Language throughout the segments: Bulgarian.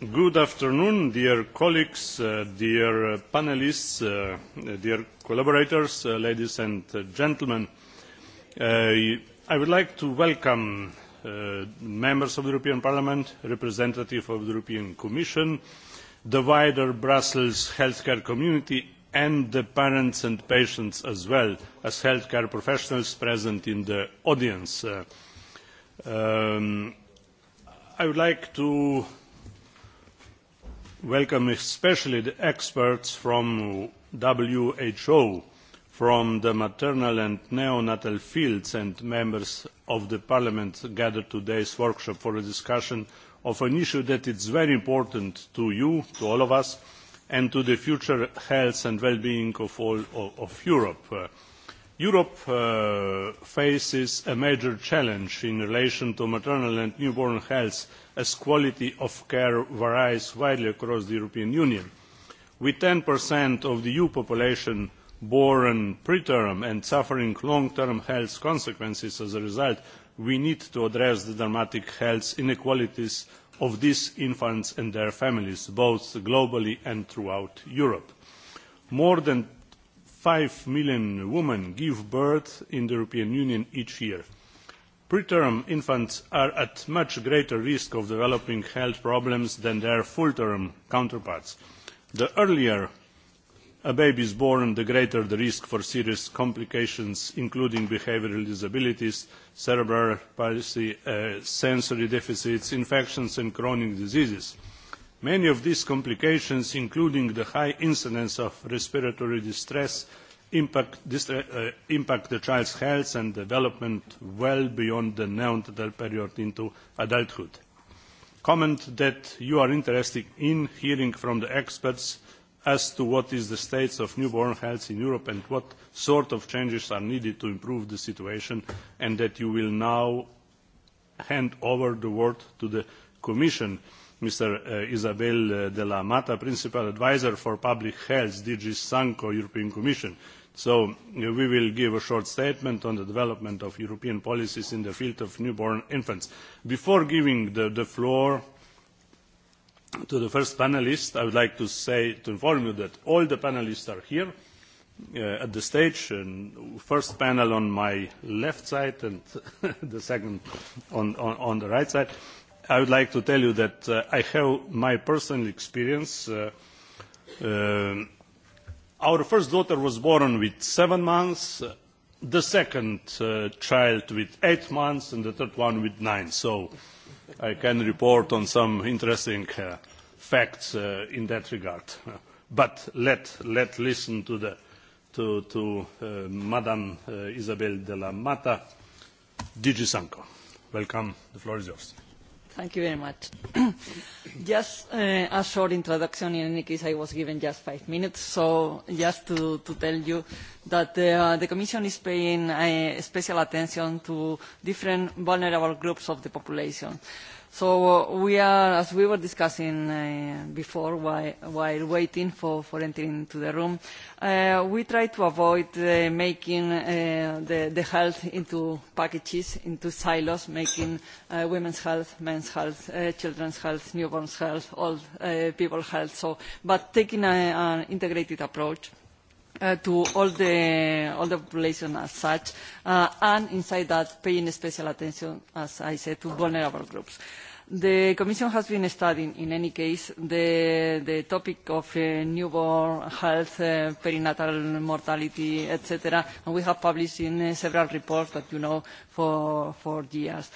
Good afternoon, dear colleagues, dear panelists, dear collaborators, ladies and gentlemen. I would like to welcome members of the European Parliament, representatives of the European Commission, the wider Brussels healthcare community, and the parents and patients as well as healthcare professionals present in the audience. I would like to welcome especially the experts from WHO, from the maternal and neonatal fields and members of the parliament gathered today's workshop for a discussion of an issue that is very important to you, to all of us, and to the future health and well-being of all of Europe Europe faces a major challenge in relation to maternal and newborn health as quality of care varies widely across the European Union. With 10% of the EU population born preterm and suffering long-term health consequences as a result, we need to address the dramatic health inequalities of these infants and their families, both globally and throughout Europe. More than five million women give birth in the European Union each year. Preterm infants are at much greater risk of developing health problems than their full-term counterparts. The earlier a baby is born, the greater the risk for serious complications, including behavioural disabilities, cerebral palsy, sensory deficits, infections and chronic diseases many of these complications including the high incidence of respiratory distress impact the child's health and development well beyond the neonatal period into adulthood. comment that you are interested in hearing from the experts as to what is the state of newborn health in europe and what sort of changes are needed to improve the situation and that you will now hand over the word to the commission Mr. Isabel de la Mata, Principal Advisor for Public Health, DG SANCO, European Commission. So we will give a short statement on the development of European policies in the field of newborn infants. Before giving the floor to the first panelist, I would like to say, to inform you that all the panelists are here at the stage. And first panel on my left side and the second on the right side I would like to tell you that I have my personal experience. our first daughter was born with seven months, the second child with eight months, and the third one with nine. So I can report on some interesting facts in that regard. But let let listen to the to to Madame Isabel de la Mata, DG Sanco. Welcome. The floor is yours. Thank you very much. Just a short introduction. In any case, I was given just five minutes. So just to tell you that the Commission is paying special attention to different vulnerable groups of the population So we are, as we were discussing before while waiting for for entering into the room, we try to avoid making the health into packages, into silos, making women's health, men's health, children's health, newborns' health, all uh people's health. So, but taking an integrated approach to all the all the population as such, uh and inside that, paying special attention, as I said, to vulnerable groups. The Commission has been studying, in any case, the, the topic of uh, newborn health, uh, perinatal mortality, etc., and we have published in uh, several reports that you know for, for years.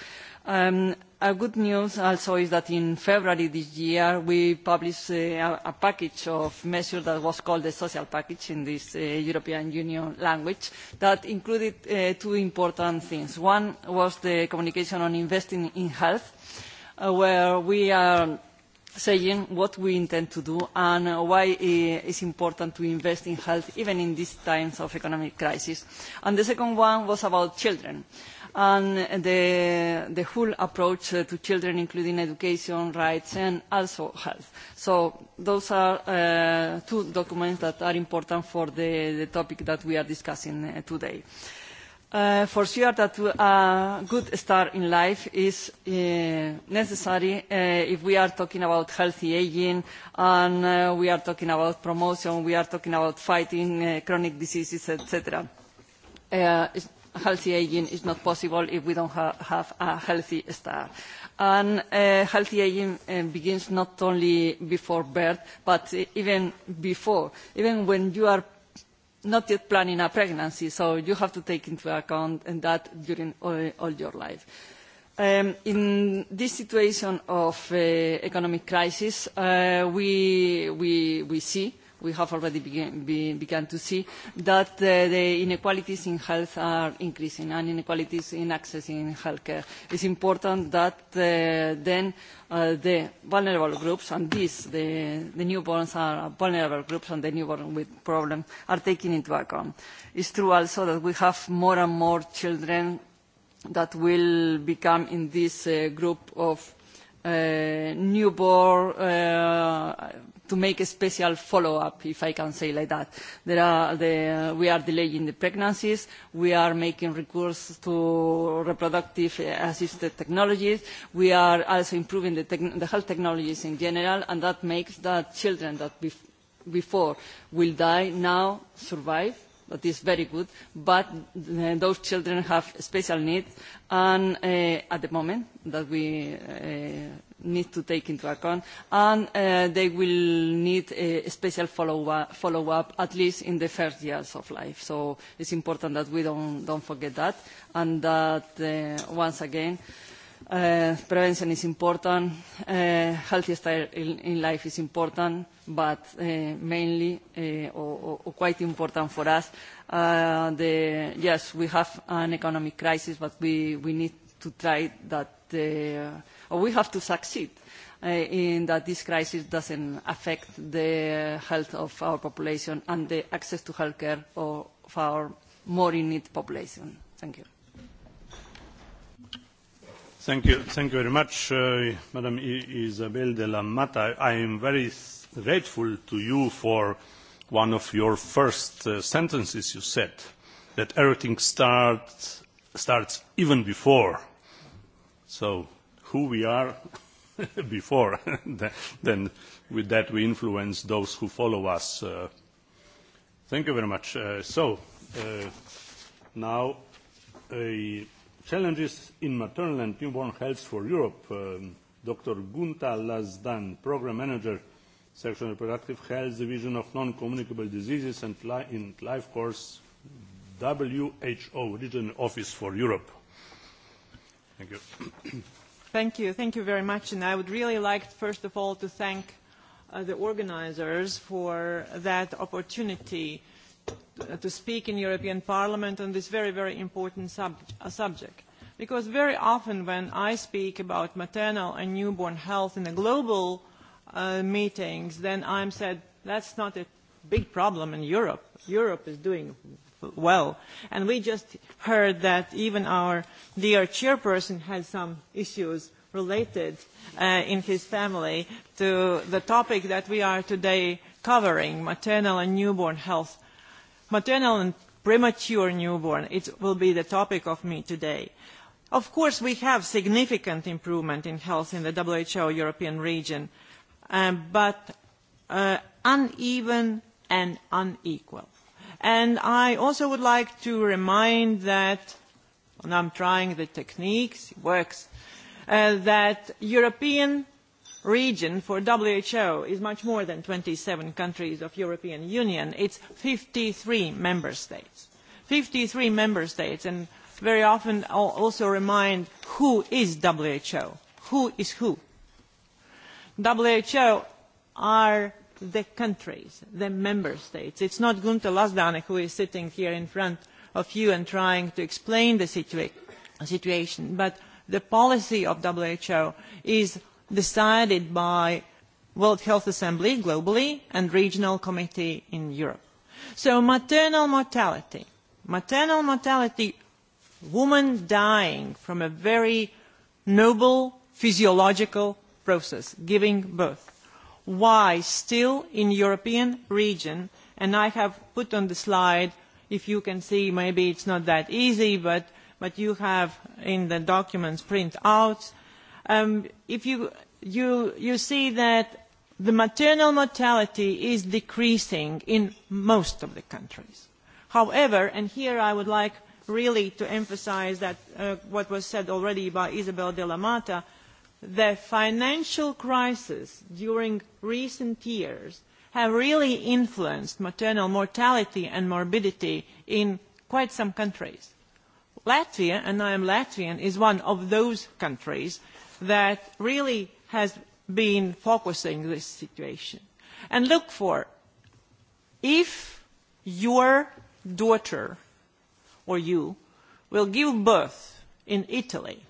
Um, a good news also is that in February this year we published uh, a package of measures that was called the social package in this uh, European Union language that included uh, two important things. One was the communication on investing in health where we are saying what we intend to do and why it is important to invest in health even in these times of economic crisis. And the second one was about children and the, whole approach to children, including education, rights, and also health. So those are two documents that are important for the, topic that we are discussing today. Uh, for sure that a good start in life is necessary if we are talking about healthy ageing and we are talking about promotion, we are talking about fighting chronic diseases, etc. healthy ageing is not possible if we don't have a healthy start. And healthy ageing begins not only before birth, but even before, even when you are not yet planning a pregnancy, so you have to take into account that during all, your life. in this situation of economic crisis, we, we, we see we have already begun to see that the inequalities in health are increasing and inequalities in access in healthcare. It's important that then the vulnerable groups, and these, the newborns are vulnerable groups and the newborn with problems, are taken into account. It's true also that we have more and more children that will become in this group of newborn to make a special follow-up, if I can say like that. There are the, we are delaying the pregnancies, we are making recourse to reproductive assisted technologies, we are also improving the, the health technologies in general, and that makes that children that bef before will die now survive that is very good, but those children have special needs, and at the moment that we need to take into account, and uh, they will need a special follow-up, follow-up at least in the first years of life. So it's important that we don't, don't forget that, and that uh, once again, uh, prevention is important, uh, healthy style in, in life is important, but uh, mainly uh, or, or quite important for us, uh, the, yes, we have an economic crisis, but we, we need to try that uh, or we have to succeed in that this crisis doesn't affect the health of our population and the access to healthcare of our more in need population. Thank you. Thank you. Thank you very much, uh, Madam Isabel de la Mata. I am very grateful to you for one of your first uh, sentences you said, that everything starts, starts even before. So who we are before. then with that we influence those who follow us. Uh, thank you very much. Uh, so uh, now uh, challenges in maternal and newborn health for Europe. Um, Dr. Gunta Lazdan, Program Manager, Sexual and Reproductive Health Division of Non-Communicable Diseases and Li in Life Course, WHO Regional Office for Europe. Thank you. Thank you. Thank you very much. And I would really like, first of all, to thank uh, the organizers for that opportunity to speak in European Parliament on this very, very important sub subject. Because very often when I speak about maternal and newborn health in the global uh, meetings, then I'm said, that's not a big problem in Europe. Europe is doing well. And we just heard that even our dear chairperson has some issues related uh, in his family to the topic that we are today covering, maternal and newborn health. Maternal and premature newborn, it will be the topic of me today. Of course, we have significant improvement in health in the WHO European region, but uneven and unequal. And I also would like to remind that, and I'm trying the techniques, it works, uh, that European region for WHO is much more than twenty seven countries of the European Union. It's fifty three member states. Fifty three member states, and very often also remind who is WHO, who is who. WHO are the countries, the member states. It's not Gunther Lasdane who is sitting here in front of you and trying to explain the situation, but the policy of WHO is decided by World Health Assembly globally and regional committee in Europe. So maternal mortality, maternal mortality, women dying from a very noble physiological process, giving birth why still in the European region, and I have put on the slide, if you can see, maybe it's not that easy, but, but you have in the documents print out, um, if you, you, you see that the maternal mortality is decreasing in most of the countries. However, and here I would like really to emphasise that what was said already by Isabel de la Mata, the financial crisis during recent years have really influenced maternal mortality and morbidity in quite some countries. Latvia, and I am Latvian, is one of those countries that really has been focusing this situation. And look for, if your daughter or you will give birth in Italy,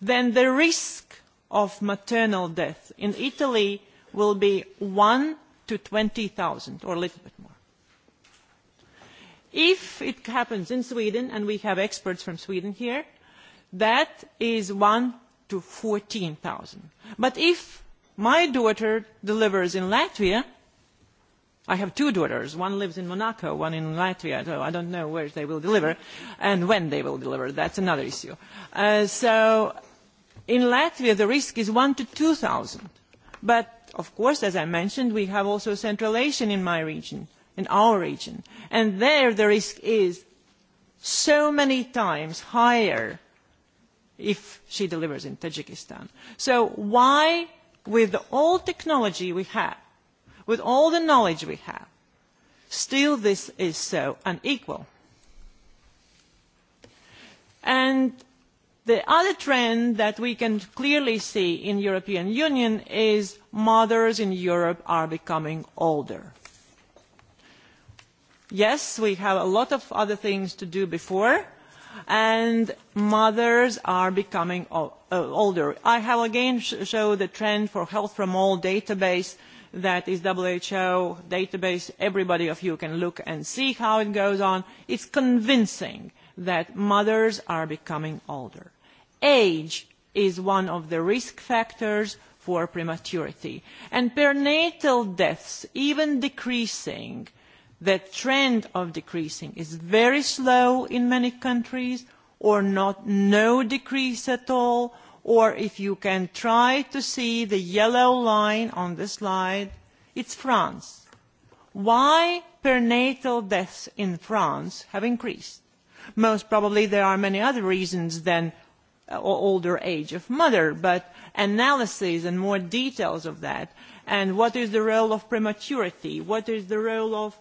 then the risk of maternal death in Italy will be one to twenty 20,000 or a little bit more. If it happens in Sweden, and we have experts from Sweden here, that is one to fourteen 14,000. But if my daughter delivers in Latvia, I have two daughters. One lives in Monaco, one in Latvia, so I don't know where they will deliver and when they will deliver. That's another issue. Uh, so In Latvia, the risk is one to 2,000. But, of course, as I mentioned, we have also Central Asian in my region, in our region. And there the risk is so many times higher if she delivers in Tajikistan. So why, with all technology we have, with all the knowledge we have, still this is so unequal? And The other trend that we can clearly see in the European Union is mothers in Europe are becoming older. Yes, we have a lot of other things to do before, and mothers are becoming older. I have again shown the trend for Health from All database that is WHO database. Everybody of you can look and see how it goes on. It's convincing that mothers are becoming older age is one of the risk factors for prematurity. And perinatal deaths, even decreasing, the trend of decreasing is very slow in many countries or not no decrease at all, or if you can try to see the yellow line on the slide, it's France. Why perinatal deaths in France have increased? Most probably there are many other reasons than or older age of mother, but analysis and more details of that, and what is the role of prematurity, what is the role of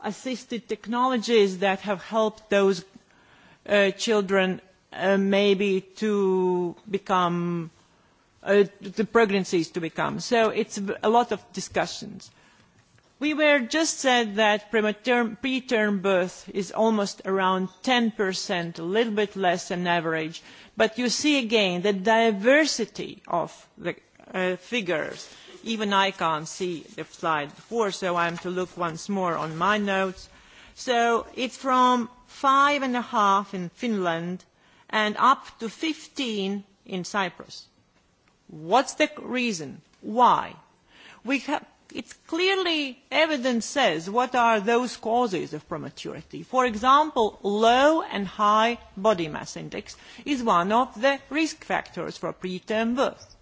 assisted technologies that have helped those uh, children uh, maybe to become, uh, the pregnancies to become. So it's a lot of discussions. We were just said that preterm birth is almost around 10%, a little bit less than average. But you see again the diversity of the uh, figures. Even I can't see the slide before, so I have to look once more on my notes. So it's from five and a half in Finland and up to 15 in Cyprus. What's the reason? Why? We have it clearly evidence says what are those causes of prematurity. For example, low and high body mass index is one of the risk factors for preterm birth,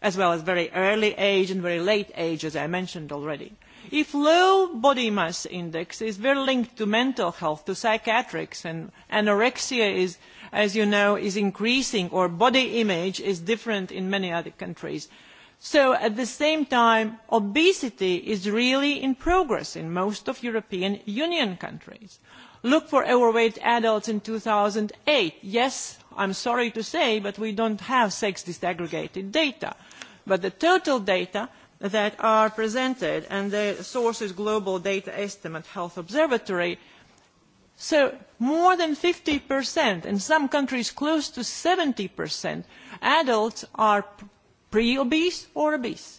as well as very early age and very late age, as I mentioned already. If low body mass index is very linked to mental health, to psychiatrics, and anorexia is, as you know, is increasing, or body image is different in many other countries, uh, So at the same time, obesity is really in progress in most of European Union countries. Look for overweight adults in two thousand eight. Yes, I am sorry to say, but we don't have sex disaggregated data. But the total data that are presented, and the source is Global Data Estimate Health Observatory, So more than 50%, in some countries close to 70%, adults are pre-obese or obese.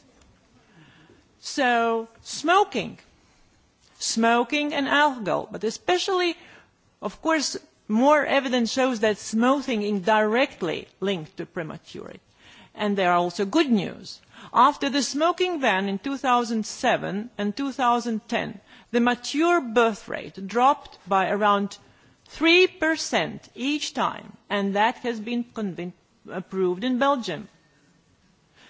So smoking, smoking and alcohol, but especially, of course, more evidence shows that smoking is directly linked to prematurity. And there are also good news. After the smoking ban in 2007 and 2010, the mature birth rate dropped by around 3% each time, and that has been proved in Belgium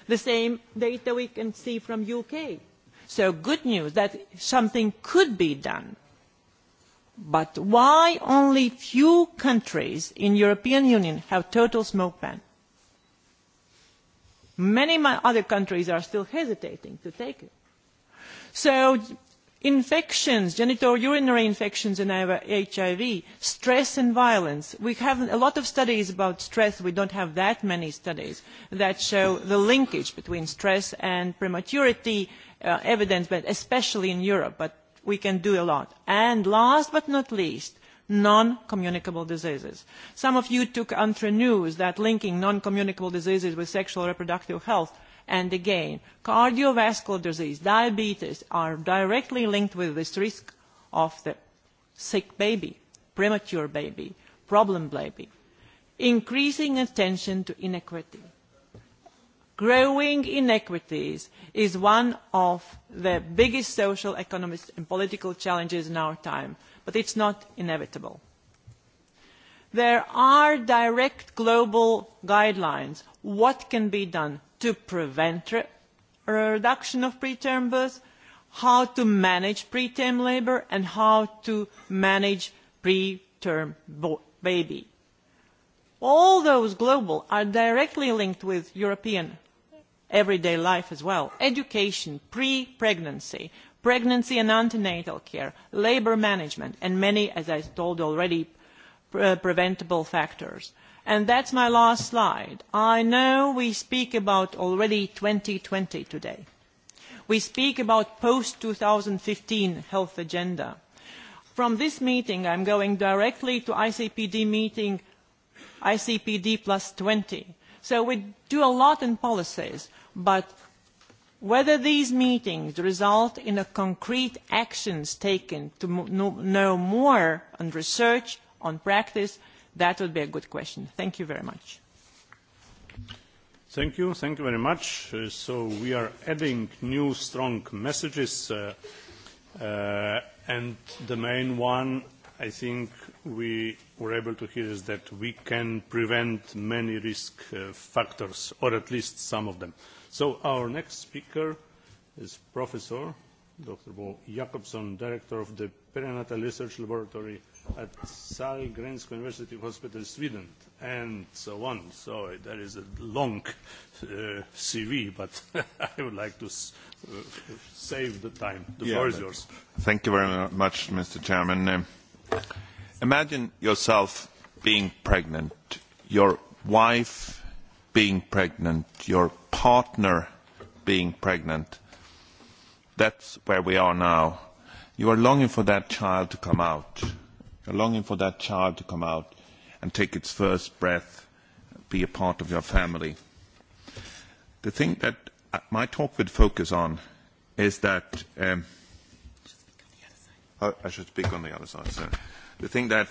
The same data we can see from UK. So good news that something could be done. But why only few countries in the European Union have total smoke ban? Many other countries are still hesitating to take it. So infections, urinary infections and HIV, stress and violence. We have a lot of studies about stress. We don't have that many studies that show the linkage between stress and prematurity uh, evidence, but especially in Europe, but we can do a lot. And last but not least, non-communicable diseases. Some of you took entre news that linking non-communicable diseases with sexual reproductive health And again, cardiovascular disease, diabetes are directly linked with this risk of the sick baby, premature baby, problem baby. Increasing attention to inequity. Growing inequities is one of the biggest social, economic and political challenges in our time, but it's not inevitable there are direct global guidelines on what can be done to prevent a reduction of preterm birth, how to manage preterm labour and how to manage preterm baby. All those global are directly linked with European everyday life as well. Education, pre-pregnancy, pregnancy and antenatal care, labour management, and many, as I told already, preventable factors. And that's my last slide. I know we speak about already 2020 today. We speak about post-2015 health agenda. From this meeting, I'm going directly to ICPD meeting ICPD plus 20. So we do a lot in policies, but whether these meetings result in concrete actions taken to know more and research on practice? That would be a good question. Thank you very much. Thank you. Thank you very much. So we are adding new strong messages, and the main one I think we were able to hear is that we can prevent many risk factors, or at least some of them. So our next speaker is Professor Dr. Bo Jakobson, Director of the Perinatal Research Laboratory at Sahlgrenska University Hospital, Sweden, and so on. So that is a long uh, CV, but I would like to s uh, save the time. The floor is yours. Thank you very much, Mr. Chairman. Uh, imagine yourself being pregnant, your wife being pregnant, your partner being pregnant. That's where we are now. You are longing for that child to come out a longing for that child to come out and take its first breath, be a part of your family. The thing that my talk would focus on is that. Um, I should speak on the other side, sorry. The thing that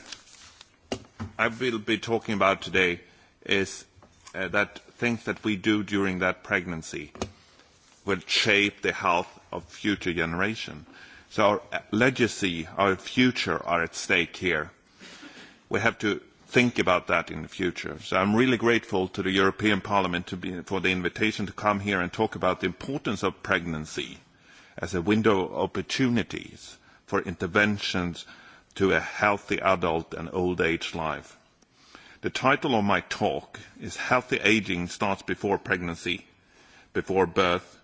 I will be talking about today is uh, that things that we do during that pregnancy will shape the health of future generations. So our legacy, our future are at stake here. We have to think about that in the future. So I'm really grateful to the European Parliament to be, for the invitation to come here and talk about the importance of pregnancy as a window of opportunities for interventions to a healthy adult and old age life. The title of my talk is Healthy Aging Starts Before Pregnancy, Before Birth,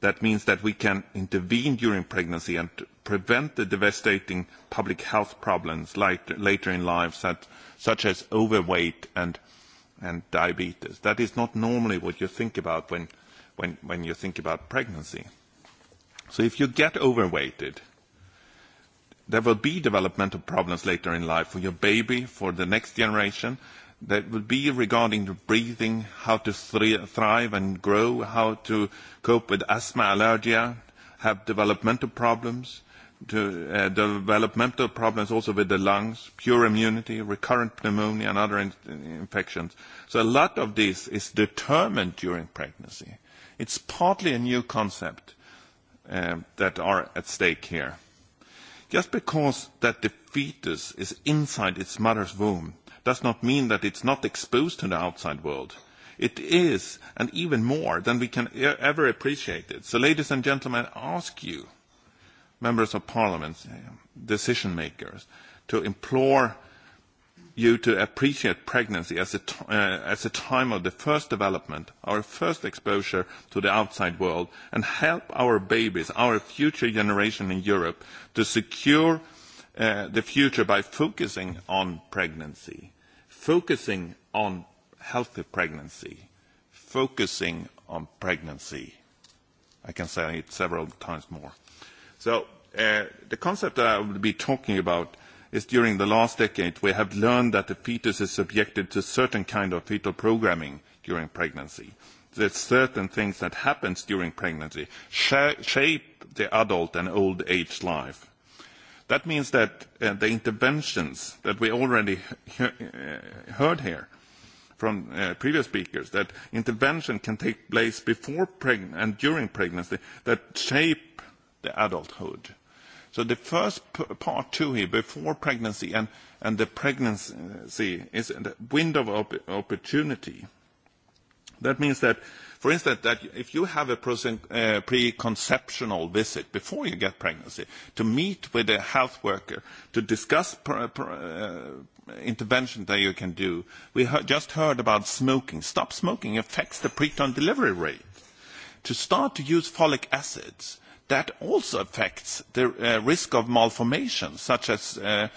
That means that we can intervene during pregnancy and prevent the devastating public health problems later in life, such as overweight and diabetes. That is not normally what you think about when you think about pregnancy. So if you get overweighted, there will be developmental problems later in life for your baby, for the next generation, that would be regarding the breathing, how to thrive and grow, how to cope with asthma, allergia, have developmental problems, to uh, developmental problems also with the lungs, pure immunity, recurrent pneumonia and other in- infections. So a lot of this is determined during pregnancy. It's partly a new concept uh, that are at stake here. Just because that the fetus is inside its mother's womb does not mean that it's not exposed to the outside world. It is, and even more than we can ever appreciate it. So, ladies and gentlemen, I ask you, members of parliament, decision makers, to implore you to appreciate pregnancy as a, t- uh, as a time of the first development, our first exposure to the outside world, and help our babies, our future generation in Europe, to secure uh, the future by focusing on pregnancy focusing on healthy pregnancy, focusing on pregnancy. I can say it several times more. So uh, the concept that I will be talking about is during the last decade we have learned that the fetus is subjected to certain kind of fetal programming during pregnancy. That certain things that happens during pregnancy shape the adult and old age life That means that the interventions that we already heard here from previous speakers, that intervention can take place before and during pregnancy that shape the adulthood. So the first part too here, before pregnancy and, and the pregnancy, is a window of opportunity. That means that For instance, that if you have a preconceptional visit before you get pregnancy, to meet with a health worker, to discuss intervention that you can do. We just heard about smoking. Stop smoking affects the preterm delivery rate. To start to use folic acids, that also affects the risk of malformations, such as uh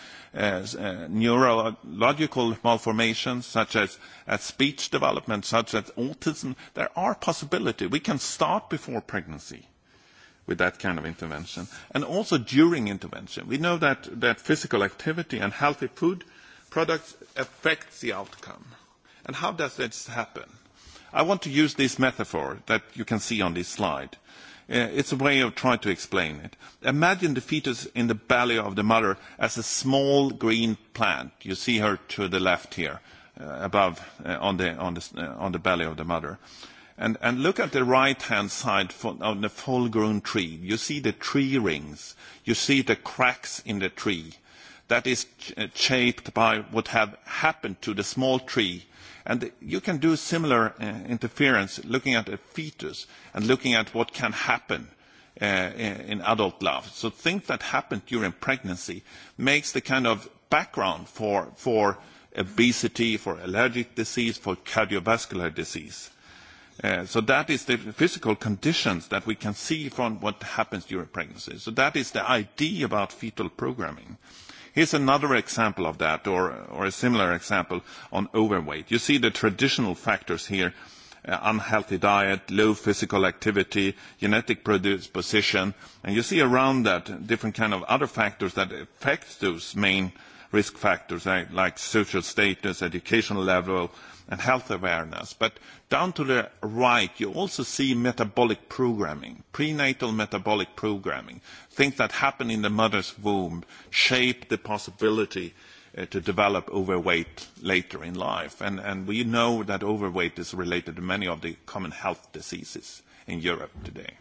neurological malformations, such as speech development, such as autism. There are possibilities. We can start before pregnancy with that kind of intervention, and also during intervention. We know that that physical activity and healthy food products affect the outcome. And how does this happen? I want to use this metaphor that you can see on this slide it's a way of trying to explain it. Imagine the fetus in the belly of the mother as a small green plant. You see her to the left here, uh, above uh, on, the, on, the, uh, on the belly of the mother. And, and look at the right-hand side for, on the full-grown tree. You see the tree rings. You see the cracks in the tree. That is ch- shaped by what have happened to the small tree And you can do similar uh, interference looking at a fetus and looking at what can happen uh, in adult life. So things that happen during pregnancy makes the kind of background for, for obesity, for allergic disease, for cardiovascular disease. So That is the physical conditions that we can see from what happens during pregnancy. So That is the idea about fetal programming. Here's another example of that, or, or a similar example on overweight. You see the traditional factors here, uh, unhealthy diet, low physical activity, genetic predisposition, and you see around that different kind of other factors that affect those main risk factors, like social status, educational level, and health awareness. But down to the right, you also see metabolic programming, prenatal metabolic programming. Things that happen in the mother's womb shape the possibility to develop overweight later in life. And, and we know that overweight is related to many of the common health diseases in Europe today.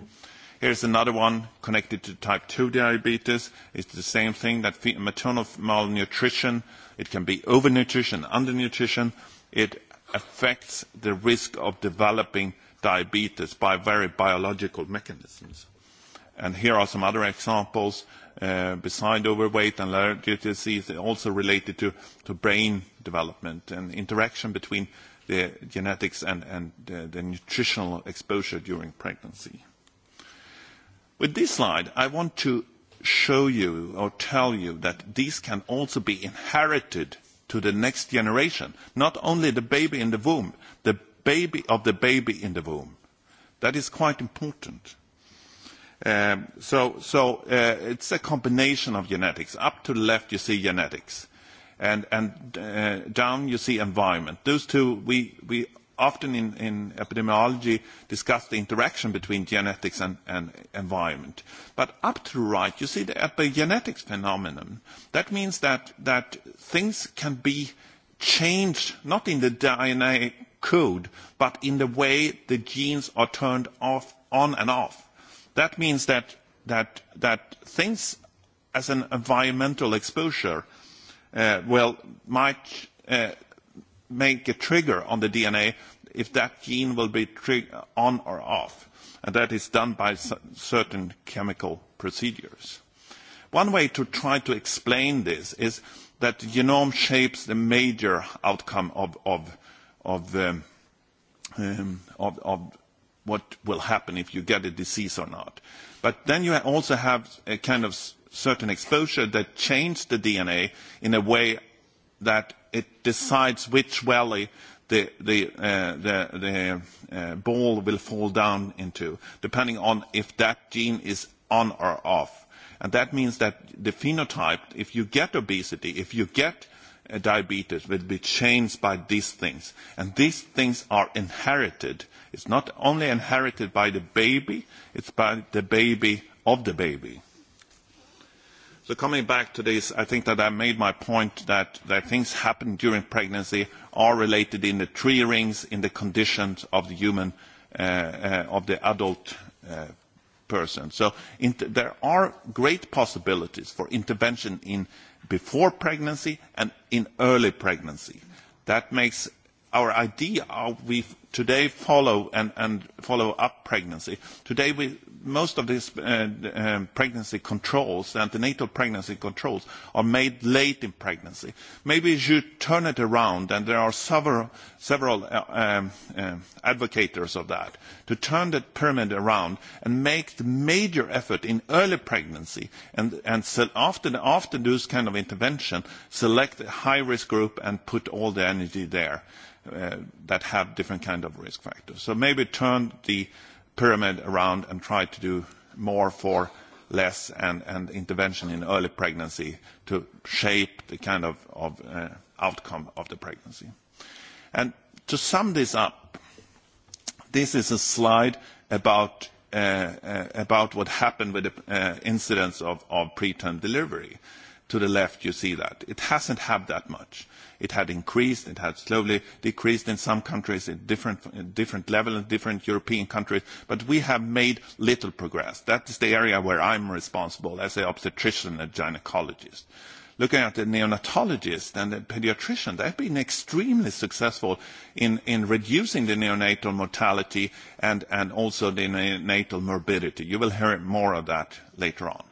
Here's another one connected to type 2 diabetes. It's the same thing that maternal malnutrition, it can be overnutrition, undernutrition. It affects the risk of developing diabetes by very biological mechanisms. And here are some other examples uh, beside overweight and allergic disease, also related to, to brain development and interaction between the genetics and, and the, the nutritional exposure during pregnancy. With this slide, I want to show you or tell you that these can also be inherited to the next generation, not only the baby in the womb, the baby of the baby in the womb. That is quite important. Um, so so uh, it's a combination of genetics. Up to the left you see genetics, and, and uh, down you see environment. Those two we, we often in, in epidemiology discuss the interaction between genetics and, and environment. But up to the right, you see the epigenetics phenomenon. That means that, that things can be changed, not in the DNA code, but in the way the genes are turned off, on and off. That means that, that, that things as an environmental exposure uh, well, might uh, make a trigger on the DNA if that gene will be on or off. And that is done by certain chemical procedures. One way to try to explain this is that the genome shapes the major outcome of, of, of, the, um, of, of what will happen if you get a disease or not. But then you also have a kind of certain exposure that changes the DNA in a way that it decides which valley the the uh the the uh ball will fall down into, depending on if that gene is on or off. And That means that the phenotype, if you get obesity, if you get uh diabetes, will be changed by these things. And These things are inherited. It's not only inherited by the baby, it's by the baby of the baby. So coming back to this, I think that I made my point that, that things happen during pregnancy are related in the tree rings, in the conditions of the human, uh, uh, of the adult uh, person. So inter- there are great possibilities for intervention in before pregnancy and in early pregnancy. That makes our idea of we today follow and, and follow up pregnancy. Today we most of these pregnancy controls, antenatal pregnancy controls, are made late in pregnancy. Maybe you should turn it around, and there are several several uh uh um advocates of that, to turn that pyramid around and make the major effort in early pregnancy, and and after this kind of intervention, select a high-risk group and put all the energy there uh that have different kind of risk factors. So maybe turn the pyramid around and try to do more for less and, and intervention in early pregnancy to shape the kind of, of uh, outcome of the pregnancy. And to sum this up, this is a slide about, uh, uh, about what happened with the uh, incidence of, of preterm delivery. Uh, to the left, you see that. It hasn't had that much. It had increased, it had slowly decreased in some countries at different, different level in different European countries, but we have made little progress. That is the area where I'm responsible as an obstetrician and gynecologist. Looking at the neonatologist and the pediatrician, they've been extremely successful in, in reducing the neonatal mortality and, and also the neonatal morbidity. You will hear more of that later on.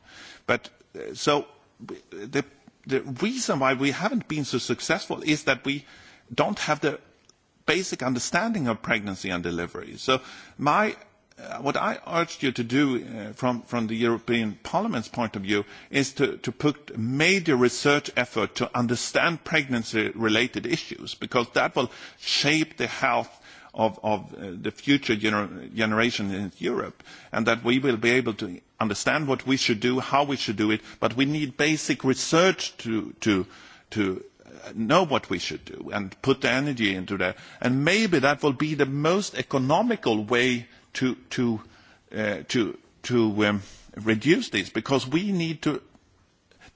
But so the, the reason why we haven't been so successful is that we don't have the basic understanding of pregnancy and delivery. So my, uh, what I urged you to do uh, from, from the European Parliament's point of view is to, to put major research effort to understand pregnancy-related issues because that will shape the health of, of uh, the future gener- generation in Europe and that we will be able to understand what we should do, how we should do it, but we need basic research to, to, to know what we should do and put the energy into that. And maybe that will be the most economical way to, to, uh, to, to um, reduce this, because we need to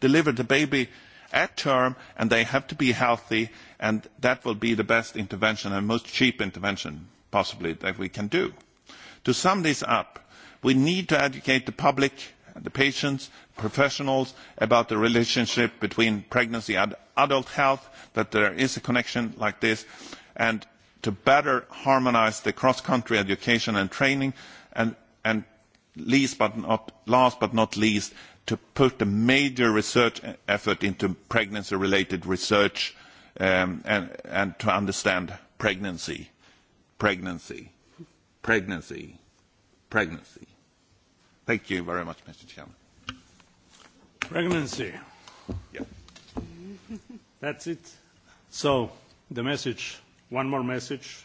deliver the baby at term, and they have to be healthy, and that will be the best intervention and most cheap intervention possibly that we can do. To sum this up, We need to educate the public, the patients, professionals about the relationship between pregnancy and adult health, that there is a connection like this, and to better harmonise the cross-country education and training, and, and least but not, last but not least, to put a major research effort into pregnancy-related research um, and, and to understand pregnancy, pregnancy, pregnancy, pregnancy. Thank you very much, Mr. Chairman. Pregnancy. Yeah. That's it. So the message, one more message,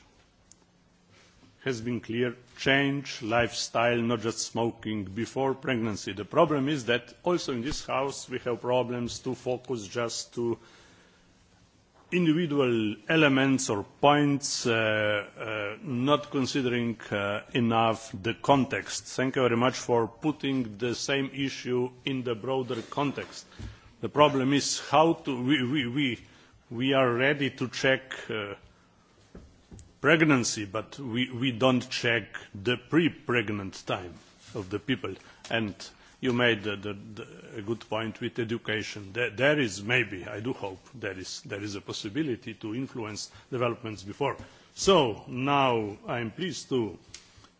has been clear. Change lifestyle, not just smoking before pregnancy. The problem is that also in this house we have problems to focus just to individual elements or points, not considering enough the context. Thank you very much for putting the same issue in the broader context. The problem is how to... We, we, we, we are ready to check pregnancy, but we, we don't check the pre-pregnant time of the people. And you made the, the, the, a good point with education. There, there is maybe, I do hope, there is, there is a possibility to influence developments before. So now I am pleased to,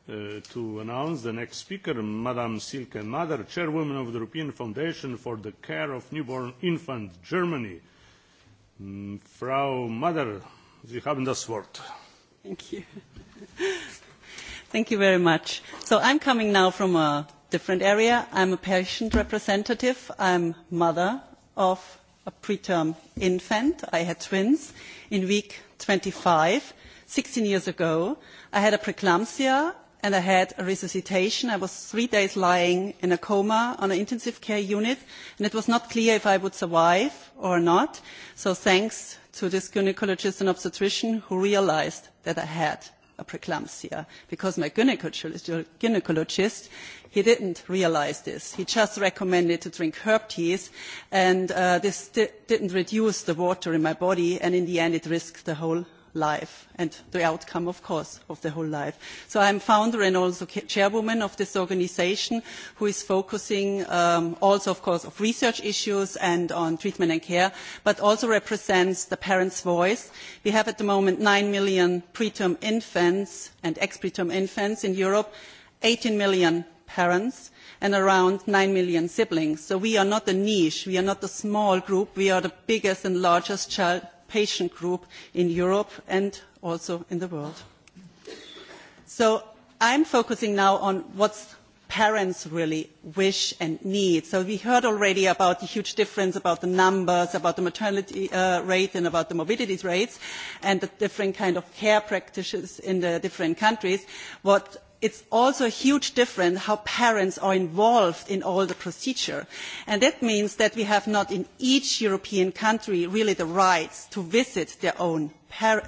uh, to announce the next speaker, Madame Silke Mader, Chairwoman of the European Foundation for the Care of Newborn Infant, Germany. Mm, Frau Mader, Sie haben das Wort. Thank you. Thank you very much. So I'm coming now from a different area. I'm a patient representative. I'm mother of a preterm infant. I had twins in week 25, 16 years ago. I had a preeclampsia and I had a resuscitation. I was three days lying in a coma on an intensive care unit, and it was not clear if I would survive or not. So thanks to this gynecologist and obstetrician who realized that I had preeclampsia because my gynecologist he didn't realise this. He just recommended to drink herb teas and this didn't reduce the water in my body and in the end it risked the whole life and the outcome, of course, of the whole life. So I'm founder and also chairwoman of this organization who is focusing um, also, of course, of research issues and on treatment and care, but also represents the parents' voice. We have at the moment 9 million preterm infants and ex-preterm infants in Europe, 18 million parents, and around nine million siblings. So we are not a niche, we are not a small group, we are the biggest and largest child patient group in Europe and also in the world. So I'm focusing now on what parents really wish and need. So we heard already about the huge difference about the numbers, about the maternity uh, rate and about the morbidity rates and the different kind of care practices in the different countries. What it's also a huge difference how parents are involved in all the procedure. And that means that we have not in each European country really the rights to visit their own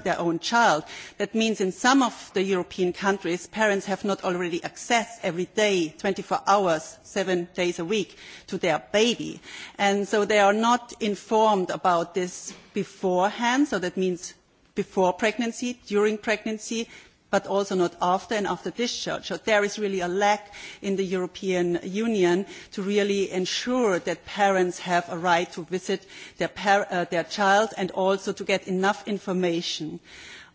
their own child. That means in some of the European countries, parents have not already access every day, twenty four hours, seven days a week, to their baby. And so they are not informed about this beforehand. So that means before pregnancy, during pregnancy, but also not after and after discharge. So there is really a lack in the European Union to really ensure that parents have a right to visit their, child and also to get enough information.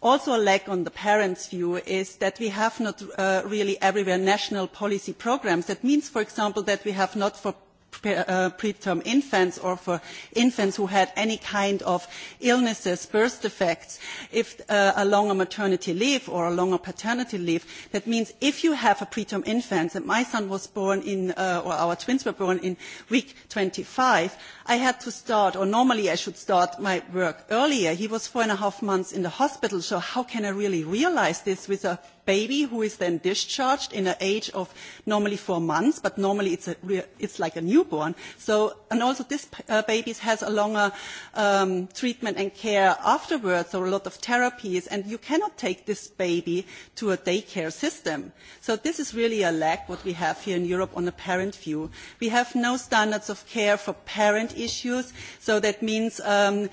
Also a lack on the parents' view is that we have not really everywhere national policy programmes. That means, for example, that we have not for preterm infants or for infants who had any kind of illnesses, birth defects, if uh, a longer maternity leave or a longer paternity leave. That means if you have a preterm infant, and my son was born in, uh, or our twins were born in week 25, I had to start, or normally I should start my work earlier. He was four and a half months in the hospital, so how can I really realize this with a baby who is then discharged in an age of normally four months, but normally it's, a, re it's like a newborn. So, and also this uh, baby has a longer um, treatment and care afterwards, or a lot of therapies, and you cannot take this baby to a daycare system. So this is really a lack what we have here in Europe on a parent view. We have no standards of care for parent issues, so that means um,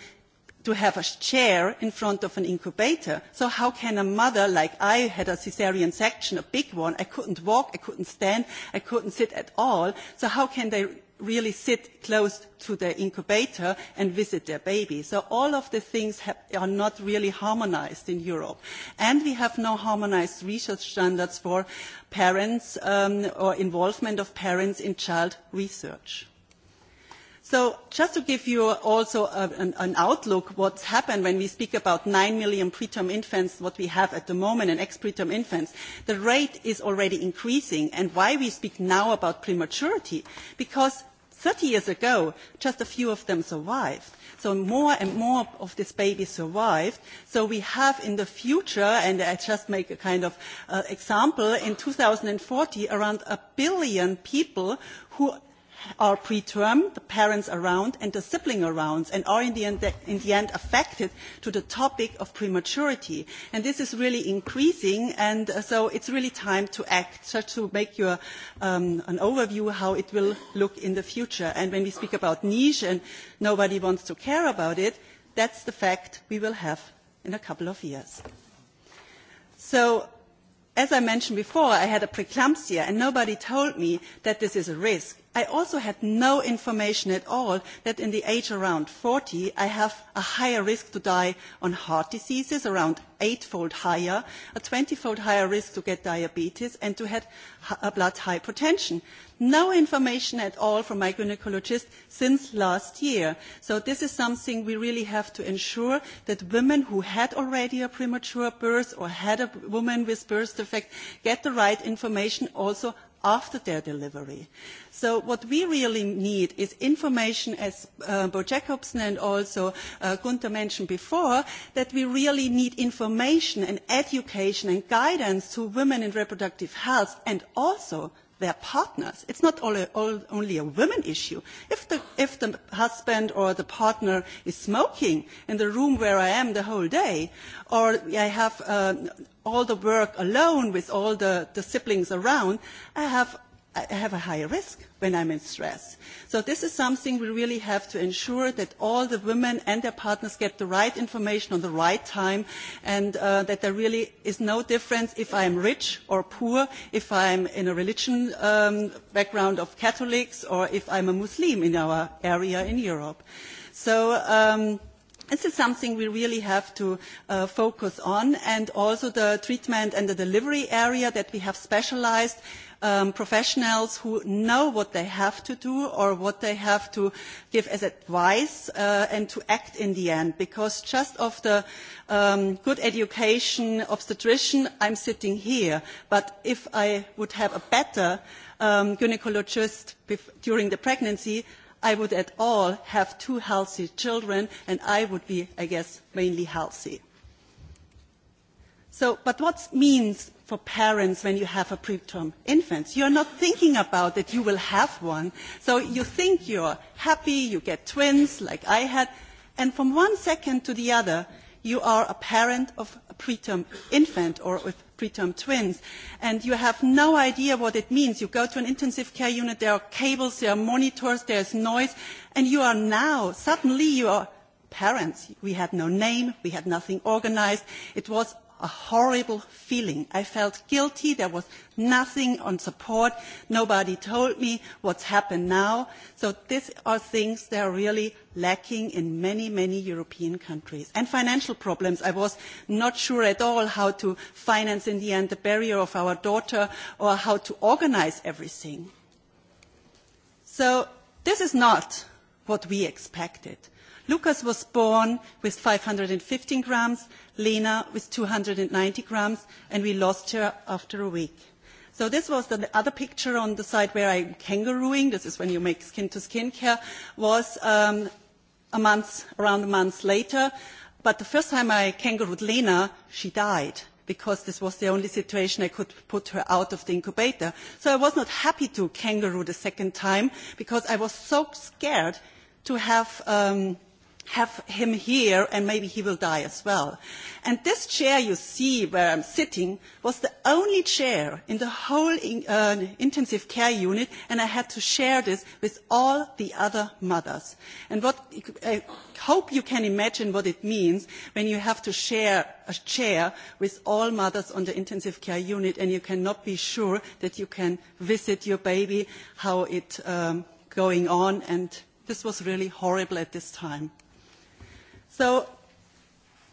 to have a chair in front of an incubator. So how can a mother, like I had a cesarean section, a big one, I couldn't walk, I couldn't stand, I couldn't sit at all. So how can they really sit close to the incubator and visit their baby. So all of the things have, are not really harmonized in Europe. And we have no harmonized research standards for parents um, or involvement of parents in child research. So just to give you also an outlook what's happened when we speak about 9 million preterm infants, what we have at the moment, and ex-preterm infants, the rate is already increasing. And why we speak now about prematurity? Because 30 years ago, just a few of them survived. So more and more of these babies survived. So we have in the future, and I just make a kind of example, in 2040, around a billion people who are preterm, the parents around, and the sibling around, and are in the, end, in the end affected to the topic of prematurity. And this is really increasing, and so it's really time to act, to make your, um, an overview how it will look in the future. And when we speak about niche and nobody wants to care about it, that's the fact we will have in a couple of years. So as I mentioned before, I had a preeclampsia, and nobody told me that this is a risk. I also had no information at all that in the age around forty I have a higher risk to die on heart diseases, around eightfold higher, a twenty fold higher risk to get diabetes and to have blood hypertension. No information at all from my gynecologist since last year. So this is something we really have to ensure that women who had already a premature birth or had a woman with birth defect get the right information also after their delivery. So what we really need is information, as uh, Bo Jacobson and also uh, Gunther mentioned before, that we really need information and education and guidance to women in reproductive health and also their partners. It's not all, all, only a women issue. If the, if the husband or the partner is smoking in the room where I am the whole day, or I have uh, all the work alone with all the, the siblings around, I have I have a higher risk when I'm in stress. So this is something we really have to ensure that all the women and their partners get the right information on the right time and uh, that there really is no difference if I'm rich or poor, if I'm in a religion um, background of Catholics or if I'm a Muslim in our area in Europe. So... Um, This is something we really have to focus on, and also the treatment and the delivery area that we have specialised um, professionals who know what they have to do or what they have to give as advice uh, and to act in the end. Because just of the um, good education obstetrician, I'm sitting here. But if I would have a better um, gynecologist during the pregnancy, I would at all have two healthy children, and I would be, I guess, mainly healthy. So, but what means for parents when you have a preterm infant. You're not thinking about that you will have one. So you think you're happy, you get twins like I had, and from one second to the other, you are a parent of a preterm infant or with preterm twins, and you have no idea what it means. You go to an intensive care unit, there are cables, there are monitors, there is noise, and you are now, suddenly you are parents. We had no name, we had nothing organised. It was a horrible feeling. I felt guilty. There was nothing on support. Nobody told me what's happened now. So these are things that are really lacking in many, many European countries. And financial problems. I was not sure at all how to finance in the end the barrier of our daughter or how to organize everything. So this is not what we expected Lucas was born with five hundred and fifteen grams, Lena with two hundred and ninety grams, and we lost her after a week. So this was the other picture on the side where I'm kangarooing. This is when you make skin to skin care. Was um, a month, around a month later. But the first time I kangarooed Lena, she died because this was the only situation I could put her out of the incubator. So I was not happy to kangaroo the second time because I was so scared to have um, have him here and maybe he will die as well. And this chair you see where I'm sitting was the only chair in the whole in, uh, intensive care unit and I had to share this with all the other mothers. And what I hope you can imagine what it means when you have to share a chair with all mothers on the intensive care unit and you cannot be sure that you can visit your baby, how it um, going on and this was really horrible at this time. So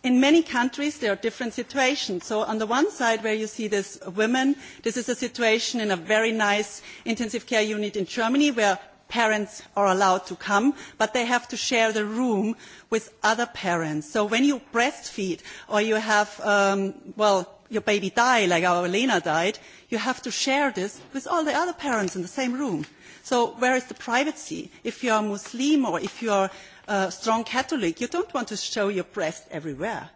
in many countries there are different situations. So on the one side where you see this women, this is a situation in a very nice intensive care unit in Germany where parents are allowed to come, but they have to share the room with other parents. So when you breastfeed or you have, um, well, your baby die, like our Lena died, you have to share this with all the other parents in the same room. So where is the privacy? If you are Muslim or if you are a strong Catholic, you don't want to show your breast everywhere.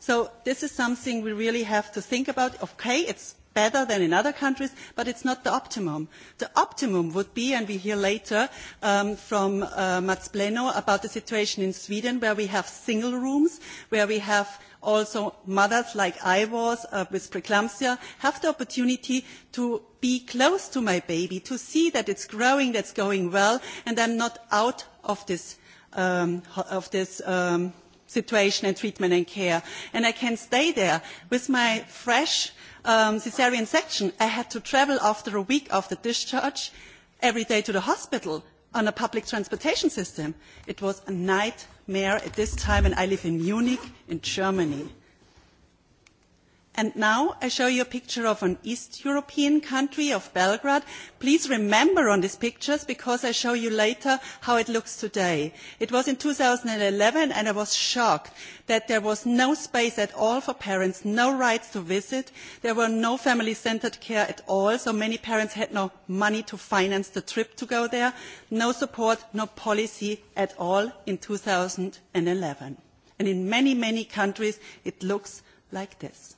So this is something we really have to think about. Okay, it's better than in other countries, but it's not the optimum. The optimum would be, and we hear later from Mats Pleno about the situation in Sweden where we have single rooms, where we have also mothers like I was uh, with preeclampsia have the opportunity to be close to my baby, to see that it's growing, that's going well, and I'm not out of this um, of this um, situation and treatment and care. And I can stay there with my fresh um, cesarean section. I had to travel after a week of the discharge every day to the hospital on a public transportation system. It was a nightmare at this time, and I live in Munich in Germany. And now I show you a picture of an East European country, of Belgrade. Please remember on these pictures because I show you later how it looks today. It was in 2011 and I was shocked that there was no space at all for parents, no rights to visit. There were no family-centered care at all, so many parents had no money to finance the trip to go there, no support, no policy at all in 2011. And in many, many countries it looks like this.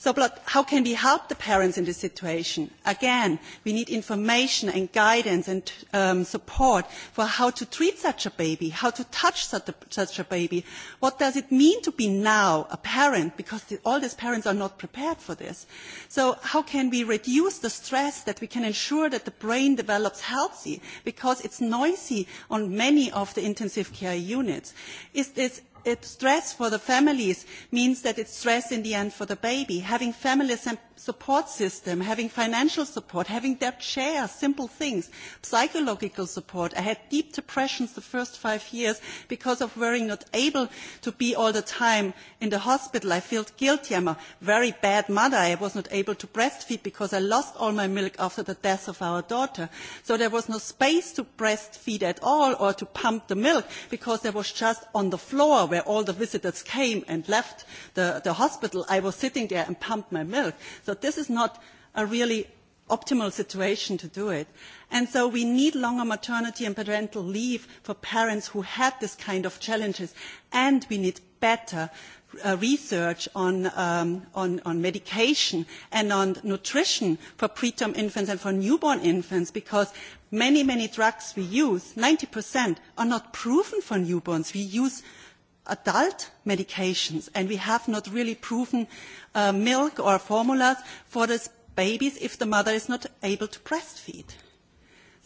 So, but how can we help the parents in this situation? Again, we need information and guidance and um, support for how to treat such a baby, how to touch such a, such a baby. What does it mean to be now a parent? Because the, all these parents are not prepared for this. So how can we reduce the stress that we can ensure that the brain develops healthy? Because it's noisy on many of the intensive care units. Is this it stress for the families means that it's stress in the end for the baby. Having families and support system, having financial support, having debt share, simple things, psychological support. I had deep depressions the first five years because of worrying not able to be all the time in the hospital. I felt guilty. I'm a very bad mother. I was not able to breastfeed because I lost all my milk after the death of our daughter. So there was no space to breastfeed at all or to pump the milk because I was just on the floor where all the visitors came and left the, the hospital. I was sitting there and pumped my milk. So this is not a really optimal situation to do it. And so we need longer maternity and parental leave for parents who had this kind of challenges. And we need better uh, research on, um, on, on medication and on nutrition for preterm infants and for newborn infants because many, many drugs we use, 90%, are not proven for newborns. We use adult medications, and we have not really proven uh, milk or formulas for these babies if the mother is not able to breastfeed.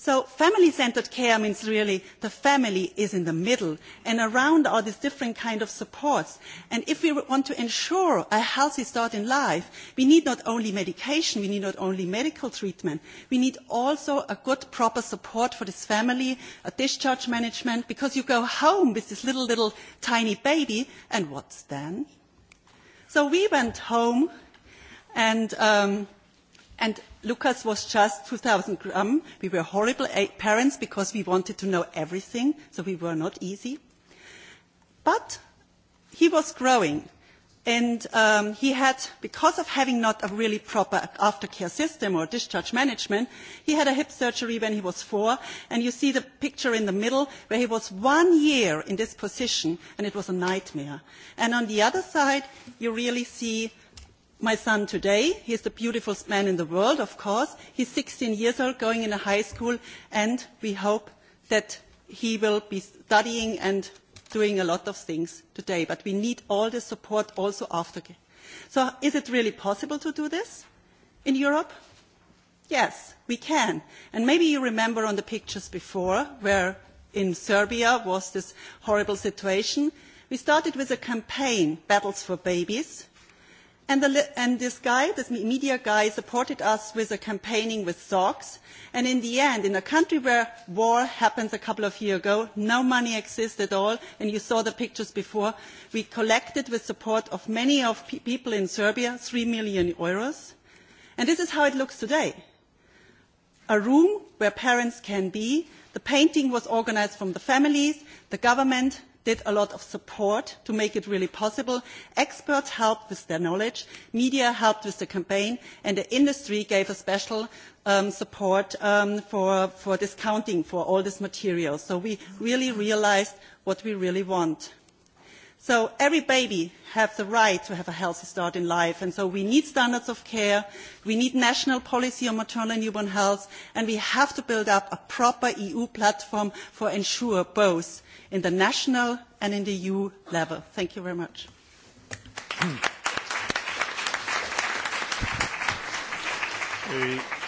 So family-centred care means really the family is in the middle and around are these different kind of supports. And if we want to ensure a healthy start in life, we need not only medication, we need not only medical treatment, we need also a good proper support for this family, a discharge management, because you go home with this little, little tiny baby and what's then? So we went home and um, and Lucas was just 2,000 gram. We were horrible parents because we wanted to know everything, so we were not easy. But he was growing, and um, he had, because of having not a really proper aftercare system or discharge management, he had a hip surgery when he was four, and you see the picture in the middle where he was one year in this position, and it was a nightmare. And on the other side, you really see my son today. He's the beautiful man in the world, of course. He's 16 years old, going into high school, and we hope that he will be studying and doing a lot of things today. But we need all the support also after. So is it really possible to do this in Europe? Yes, we can. And maybe you remember on the pictures before where in Serbia was this horrible situation. We started with a campaign, Battles for Babies, And, the, and this guy, this media guy, supported us with a campaigning with socks. And in the end, in a country where war happens a couple of years ago, no money exists at all, and you saw the pictures before, we collected with support of many of pe- people in Serbia, three million euros. And this is how it looks today. A room where parents can be. The painting was organised from the families, the government, did a lot of support to make it really possible. Experts helped with their knowledge, media helped with the campaign, and the industry gave a special support for, discounting for all this material. So we really realised what we really want. So every baby has the right to have a healthy start in life, and so we need standards of care, we need national policy on maternal and newborn health, and we have to build up a proper EU platform for ensure both in the national and in the EU level. Thank you very much.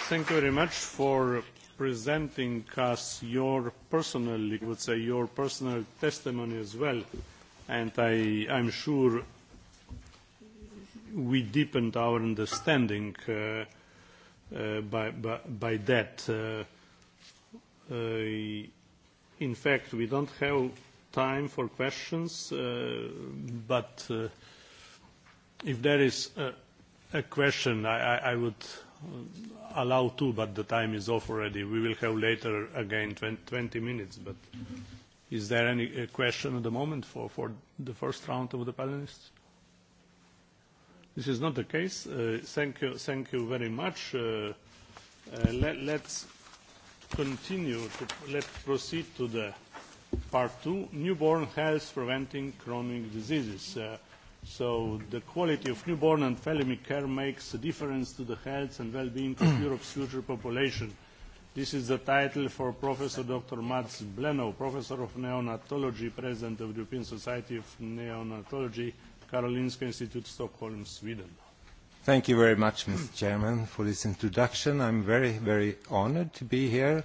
Thank you very much for presenting us your personal, would say, your personal testimony as well and I, I'm sure we deepened our understanding uh, uh, by, by, by that. Uh, uh, in fact, we don't have time for questions, uh, but uh, if there is a, a question, I, I, I would allow two, but the time is off already. We will have later again 20 minutes, but. Mm -hmm Is there any question at the moment for, for the first round of the panelists? This is not the case. Uh, thank you, thank you very much. Uh, uh, let, let's continue. To, let's proceed to the part two: newborn health preventing chronic diseases. Uh, so the quality of newborn and family care makes a difference to the health and well-being of Europe's future population This is the title for Professor Dr. Mats Blenow, Professor of Neonatology, President of the European Society of Neonatology, Karolinska Institute, Stockholm, Sweden. Thank you very much, Mr. Chairman, for this introduction. I'm very, very honored to be here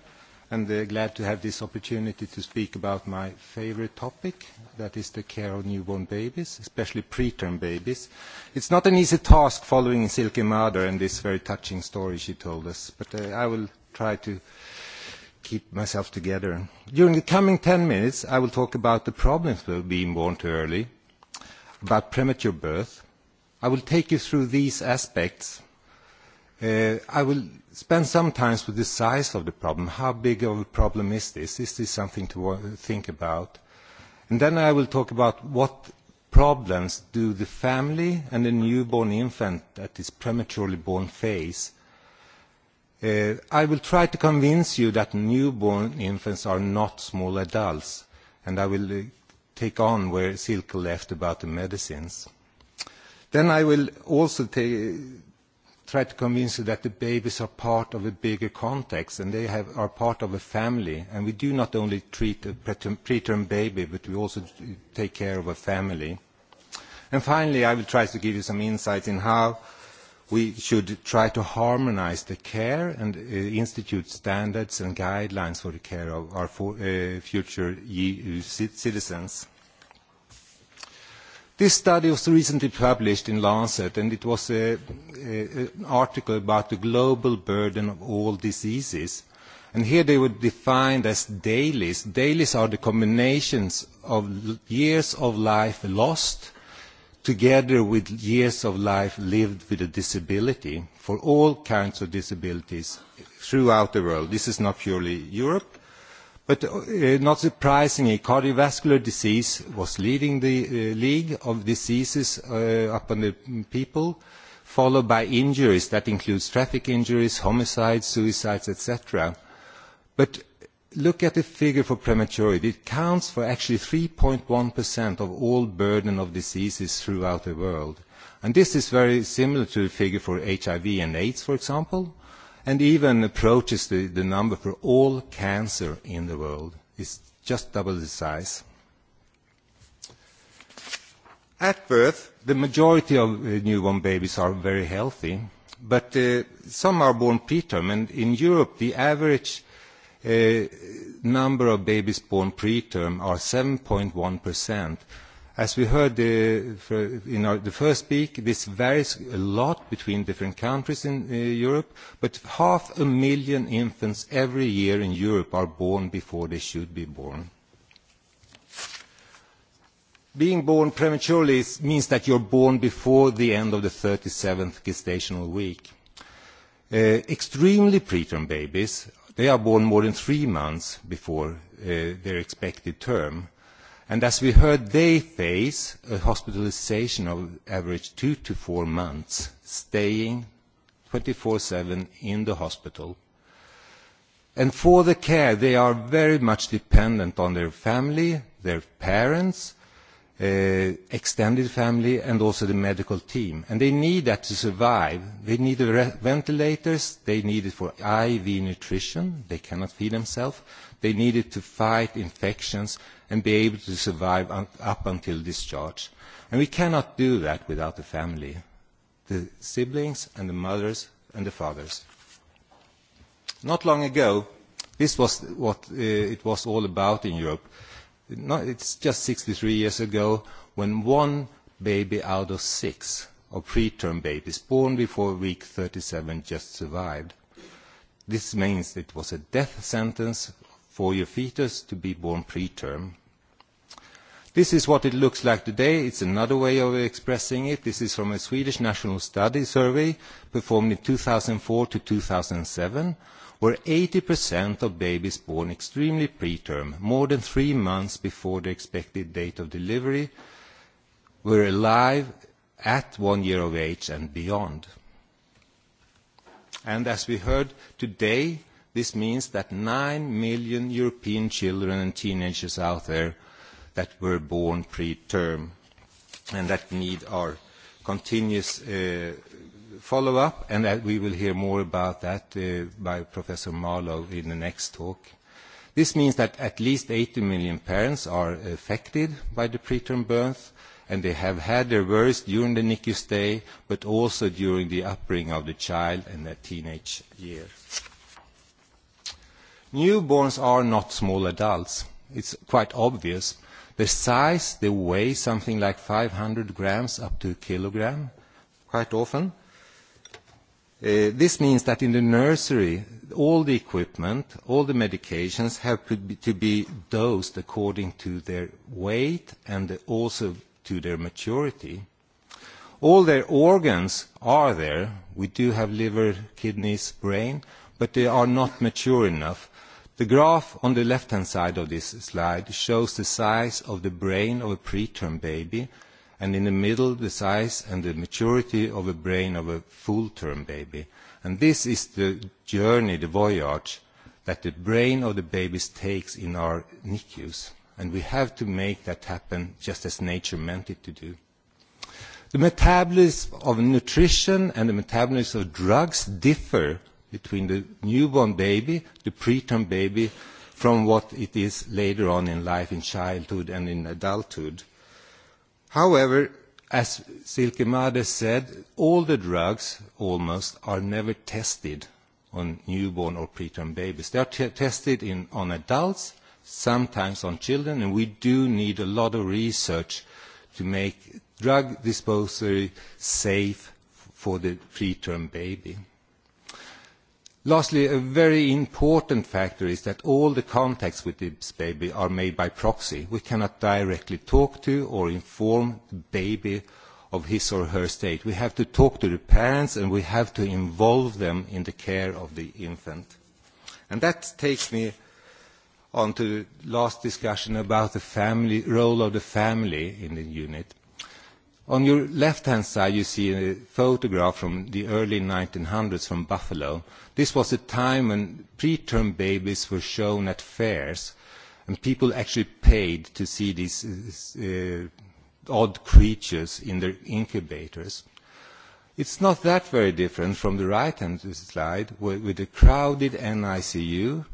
and uh, glad to have this opportunity to speak about my favorite topic, that is the care of newborn babies, especially preterm babies. It's not an easy task following Silke Mader and this very touching story she told us, but uh, I will – try to keep myself together. During the coming 10 minutes, I will talk about the problems with being born too early, about premature birth. I will take you through these aspects. I will spend some time with the size of the problem. How big of a problem is this? Is this something to think about? And then I will talk about what problems do the family and the newborn infant at this prematurely born phase Uh, I will try to convince you that newborn infants are not small adults, and I will uh, take on where Silke left about the medicines. Then I will also try to convince you that the babies are part of a bigger context, and they have, are part of a family, and we do not only treat a preterm baby, but we also take care of a family. And finally, I will try to give you some insights in how we should try to harmonise the care and institute standards and guidelines for the care of our future EU citizens. This study was recently published in Lancet, and it was an article about the global burden of all diseases. And here they were defined as dailies. Dailies are the combinations of years of life lost – together with years of life lived with a disability for all kinds of disabilities throughout the world. This is not purely Europe, but not surprisingly, cardiovascular disease was leading the league of diseases upon the people, followed by injuries. That includes traffic injuries, homicides, suicides, etc. But look at the figure for prematurity. It counts for actually 3.1% of all burden of diseases throughout the world. And this is very similar to the figure for HIV and AIDS, for example, and even approaches the, the number for all cancer in the world. It's just double the size. At birth, the majority of newborn babies are very healthy, but uh, some are born preterm, and in Europe, the average number of babies born preterm are 7.1%. As we heard in our, the first speak, this varies a lot between different countries in Europe, but half a million infants every year in Europe are born before they should be born. Being born prematurely means that you are born before the end of the thirty seventh gestational week. extremely preterm babies They are born more than three months before their expected term. And as we heard, they face a hospitalisation of average two to four months, staying twenty four seven in the hospital. And for the care, they are very much dependent on their family, their parents, extended family and also the medical team. And they need that to survive. They need the ventilators, they need it for IV nutrition, they cannot feed themselves. They need it to fight infections and be able to survive un up until discharge. And we cannot do that without the family, the siblings and the mothers and the fathers. Not long ago, this was what uh, it was all about in Europe no, it's just 63 years ago when one baby out of six of preterm babies born before week 37 just survived. This means it was a death sentence for your fetus to be born preterm. This is what it looks like today. It's another way of expressing it. This is from a Swedish National Study survey performed in 2004 to 2007 where 80% of babies born extremely preterm, more than three months before the expected date of delivery, were alive at one year of age and beyond. And as we heard today, this means that 9 million European children and teenagers out there that were born preterm and that need our continuous follow-up, and that we will hear more about that by Professor Marlow in the next talk. This means that at least 80 million parents are affected by the preterm birth, and they have had their worst during the NICU stay, but also during the upbringing of the child and their teenage year. Newborns are not small adults. It's quite obvious. The size, they weigh something like 500 grams up to a kilogram quite often this means that in the nursery, all the equipment, all the medications have to be dosed according to their weight and also to their maturity. All their organs are there. We do have liver, kidneys, brain, but they are not mature enough. The graph on the left-hand side of this slide shows the size of the brain of a preterm baby, and in the middle the size and the maturity of the brain of a full-term baby. And this is the journey, the voyage, that the brain of the babies takes in our NICUs. And we have to make that happen just as nature meant it to do. The metabolism of nutrition and the metabolism of drugs differ between the newborn baby, the preterm baby, from what it is later on in life, in childhood and in adulthood. However, as Silke Made said, all the drugs almost are never tested on newborn or preterm babies. They are tested on adults, sometimes on children, and we do need a lot of research to make drug disposal safe for the preterm baby. Lastly, a very important factor is that all the contacts with this baby are made by proxy. We cannot directly talk to or inform the baby of his or her state. We have to talk to the parents and we have to involve them in the care of the infant. And that takes me on to the last discussion about the family, role of the family in the unit On your left-hand side, you see a photograph from the early 1900s from Buffalo. This was a time when preterm babies were shown at fairs, and people actually paid to see these uh, odd creatures in their incubators. It's not that very different from the right-hand slide, with a crowded NICU,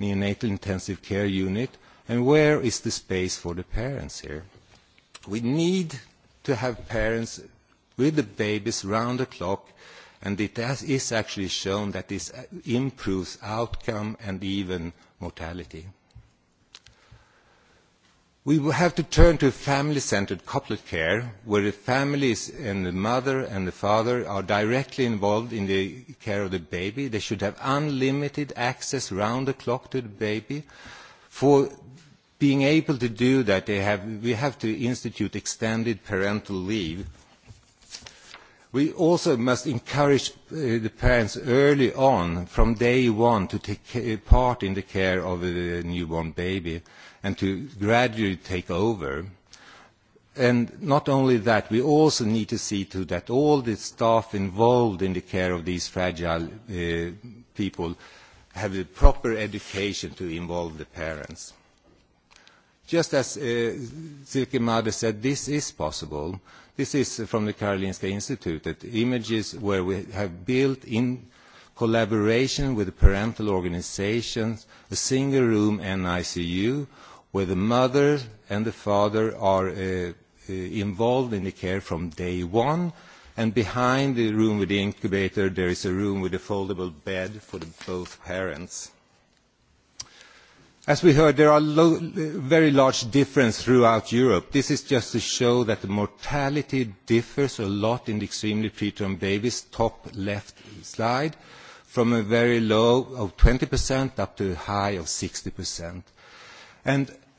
neonatal intensive care unit, and where is the space for the parents here? We need to have parents with the babies round the clock, and it has, is actually shown that this improves outcome and even mortality. We will have to turn to family-centered couplet care, where the families and the mother and the father are directly involved in the care of the baby. They should have unlimited access round the clock to the baby for being able to do that, they have, we have to institute extended parental leave. We also must encourage the parents early on, from day one, to take part in the care of a newborn baby and to gradually take over. And not only that, we also need to see to that all the staff involved in the care of these fragile people have the proper education to involve the parents Just as Silke Made said, this is possible. This is from the Karolinska Institute, images where we have built in collaboration with the parental organisations, a single room NICU, where the mother and the father are involved in the care from day one, and behind the room with the incubator, there is a room with a foldable bed for both parents As we heard, there are very large differences throughout Europe. This is just to show that the mortality differs a lot in the extremely preterm babies, top left slide, from a very low of 20% up to a high of 60%.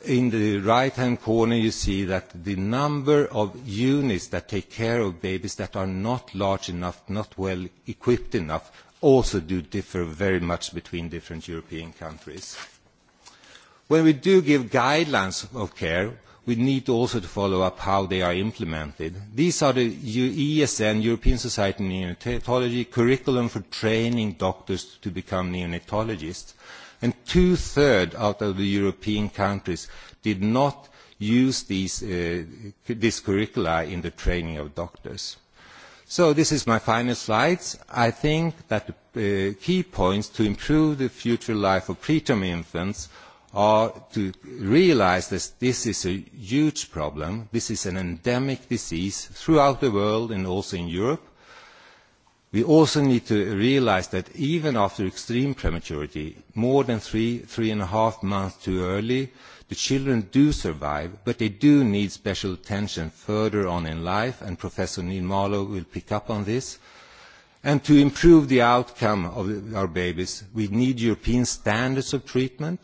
in the right-hand corner, you see that the number of units that take care of babies that are not large enough, not well equipped enough, also do differ very much between different European countries. When we do give guidelines of care, we need also to follow up how they are implemented. These are the ESN, European Society of Neonatology, curriculum for training doctors to become neonatologists. And two-thirds out of the European countries did not use these, uh, this curricula in the training of doctors. So this is my final slides. I think that the uh, key points to improve the future life of preterm infants are to realise that this is a huge problem. This is an endemic disease throughout the world and also in Europe. We also need to realise that even after extreme prematurity, more than three, three and a half months too early, the children do survive, but they do need special attention further on in life, and Professor Neil Marlowe will pick up on this. And to improve the outcome of our babies, we need European standards of treatment,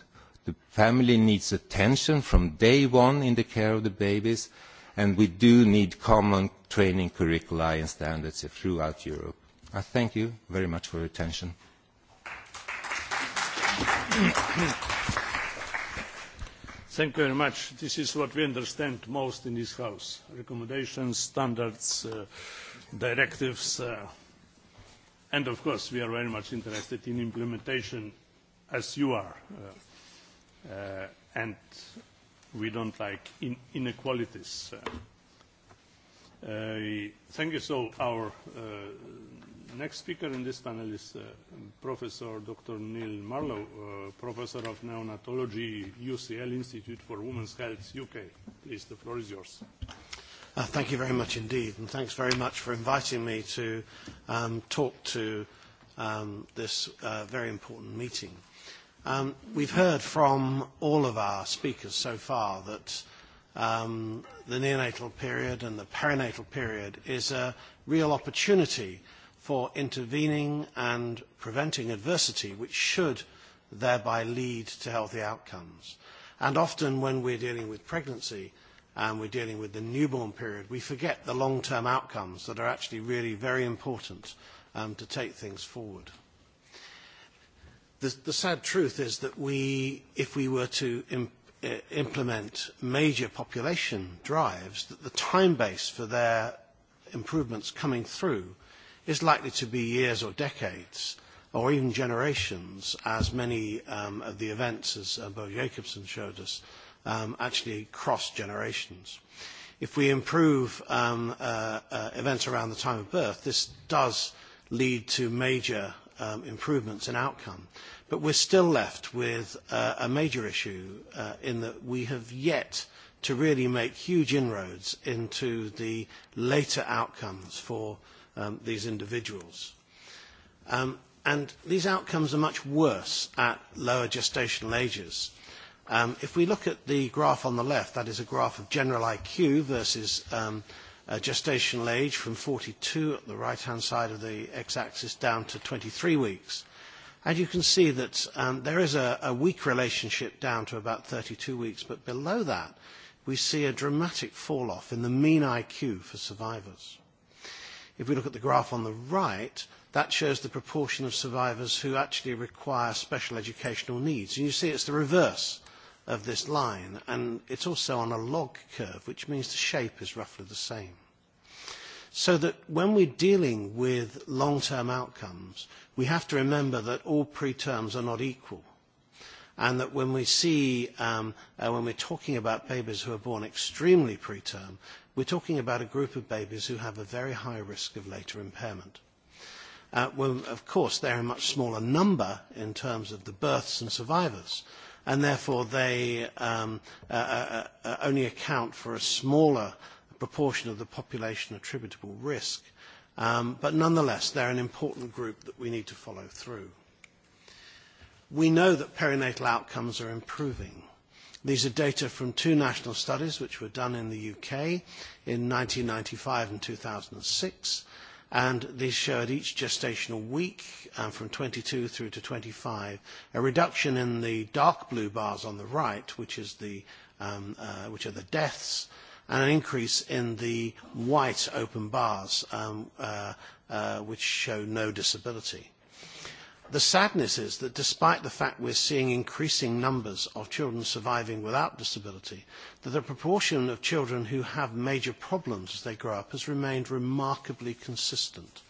Family needs attention from day one in the care of the babies, and we do need common training curricula and standards throughout Europe. I thank you very much for your attention. Thank you very much. This is what we understand most in this House. Recommendations, standards, directives, and of course we are very much interested in implementation as you are and we don't like in inequalities. thank you. So our next speaker in this panel is Professor Dr. Neil Marlowe, Professor of Neonatology, UCL Institute for Women's Health, UK. Please, the floor is yours. thank you very much indeed, and thanks very much for inviting me to talk to this very important meeting. Um, we've heard from all of our speakers so far that um, the neonatal period and the perinatal period is a real opportunity for intervening and preventing adversity, which should thereby lead to healthy outcomes. And often when we're dealing with pregnancy and we're dealing with the newborn period, we forget the long-term outcomes that are actually really very important um, to take things forward. The, the sad truth is that we, if we were to imp, implement major population drives, that the time base for their improvements coming through is likely to be years or decades or even generations, as many um, of the events, as uh, Bo Jacobson showed us, um, actually cross generations. If we improve um, uh, uh, events around the time of birth, this does lead to major um, improvements in outcome. But we're still left with uh, a major issue uh, in that we have yet to really make huge inroads into the later outcomes for um, these individuals. Um, and these outcomes are much worse at lower gestational ages. Um, if we look at the graph on the left, that is a graph of general IQ versus um, uh, gestational age from 42 at the right-hand side of the x-axis down to 23 weeks. And you can see that um, there is a, a weak relationship down to about 32 weeks, but below that, we see a dramatic fall off in the mean IQ for survivors. If we look at the graph on the right, that shows the proportion of survivors who actually require special educational needs. And you see it's the reverse of this line, and it's also on a log curve, which means the shape is roughly the same so that when we're dealing with long-term outcomes, we have to remember that all preterms are not equal and that when we see, um, uh, when we're talking about babies who are born extremely preterm, we're talking about a group of babies who have a very high risk of later impairment. Uh, well, of course, they're a much smaller number in terms of the births and survivors, and therefore they um, uh, uh, uh only account for a smaller uh, proportion of the population attributable risk. Um, but nonetheless, they're an important group that we need to follow through. We know that perinatal outcomes are improving. These are data from two national studies which were done in the UK in 1995 and 2006, and these showed each gestational week um, from 22 through to 25 a reduction in the dark blue bars on the right, which, is the, um, uh, which are the deaths, and an increase in the white open bars, um, uh, uh, which show no disability. The sadness is that despite the fact we're seeing increasing numbers of children surviving without disability, that the proportion of children who have major problems as they grow up has remained remarkably consistent.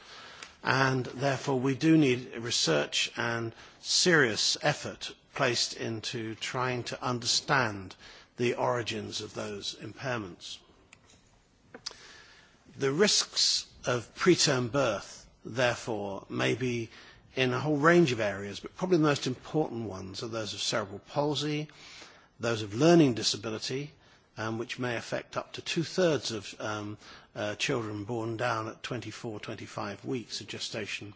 And therefore, we do need research and serious effort placed into trying to understand the origins of those impairments. The risks of preterm birth, therefore, may be in a whole range of areas, but probably the most important ones are those of cerebral palsy, those of learning disability, um, which may affect up to two-thirds of um, uh, children born down at 24, 25 weeks of gestation,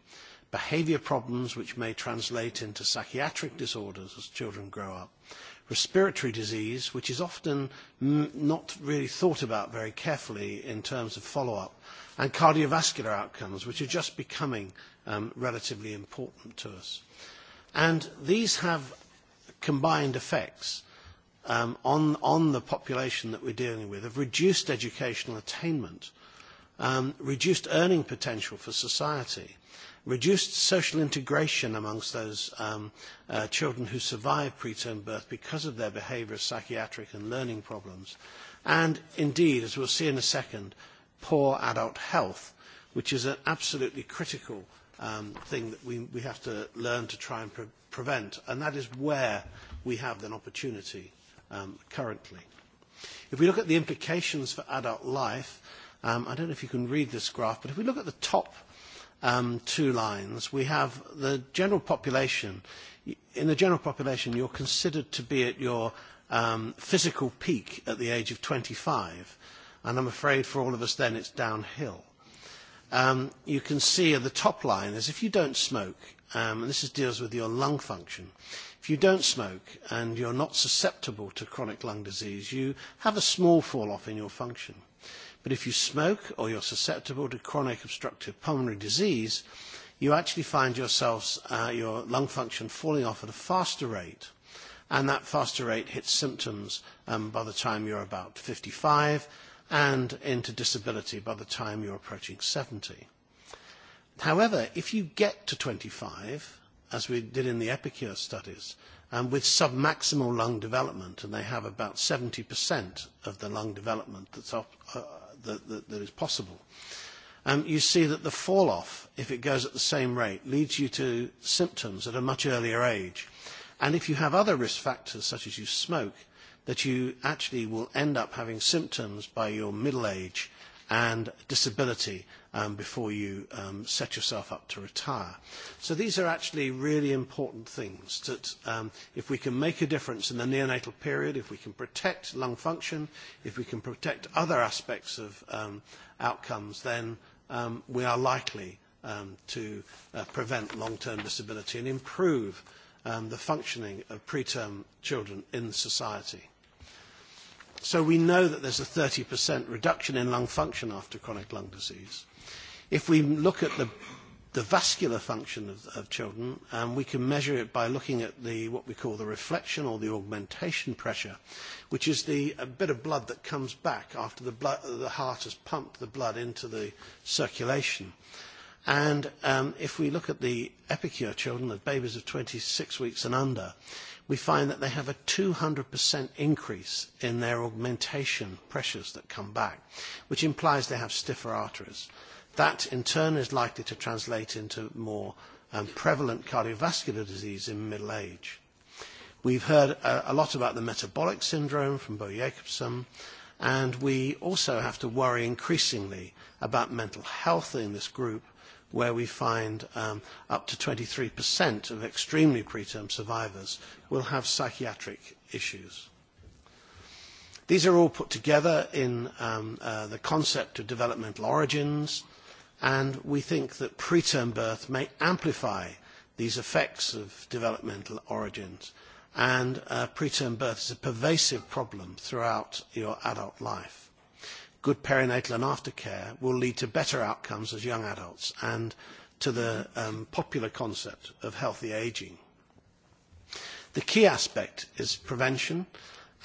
behaviour problems which may translate into psychiatric disorders as children grow up, respiratory disease, which is often not really thought about very carefully in terms of follow-up, and cardiovascular outcomes, which are just becoming relatively important to us. And these have combined effects on, the population that we're dealing with, of reduced educational attainment, reduced earning potential for society, reduced social integration amongst those um, uh, children who survive preterm birth because of their behaviour psychiatric and learning problems, and indeed, as we'll see in a second, poor adult health, which is an absolutely critical um, thing that we, we have to learn to try and pre- prevent, and that is where we have an opportunity um, currently. If we look at the implications for adult life, um, I don't know if you can read this graph, but if we look at the top um, two lines. We have the general population. In the general population, you're considered to be at your um, physical peak at the age of 25. And I'm afraid for all of us then it's downhill. Um, you can see at the top line is if you don't smoke, um, and this is, deals with your lung function, if you don't smoke and you're not susceptible to chronic lung disease, you have a small fall off in your function But if you smoke or you're susceptible to chronic obstructive pulmonary disease, you actually find yourselves, uh, your lung function falling off at a faster rate. And that faster rate hits symptoms um, by the time you're about 55 and into disability by the time you're approaching 70. However, if you get to 25, as we did in the Epicure studies, um, with submaximal lung development, and they have about 70% of the lung development that's op- that, that, that is possible. Um, you see that the fall off, if it goes at the same rate, leads you to symptoms at a much earlier age. And if you have other risk factors, such as you smoke, that you actually will end up having symptoms by your middle age and disability um, before you um, set yourself up to retire. So these are actually really important things that um, if we can make a difference in the neonatal period, if we can protect lung function, if we can protect other aspects of um, outcomes, then um, we are likely um, to uh, prevent long-term disability and improve um, the functioning of preterm children in society. So we know that there's a 30% reduction in lung function after chronic lung disease. If we look at the, the vascular function of, of children, um, we can measure it by looking at the, what we call the reflection or the augmentation pressure, which is the a bit of blood that comes back after the, blood, the heart has pumped the blood into the circulation. And um, if we look at the epicure children, the babies of 26 weeks and under, we find that they have a 200% increase in their augmentation pressures that come back, which implies they have stiffer arteries. That, in turn, is likely to translate into more um, prevalent cardiovascular disease in middle age. We've heard a, a lot about the metabolic syndrome from Bo Jacobson, and we also have to worry increasingly about mental health in this group, where we find um, up to 23% of extremely preterm survivors will have psychiatric issues. These are all put together in um, uh, the concept of developmental origins, and we think that preterm birth may amplify these effects of developmental origins. And uh, preterm birth is a pervasive problem throughout your adult life. Good perinatal and aftercare will lead to better outcomes as young adults and to the um, popular concept of healthy aging. The key aspect is prevention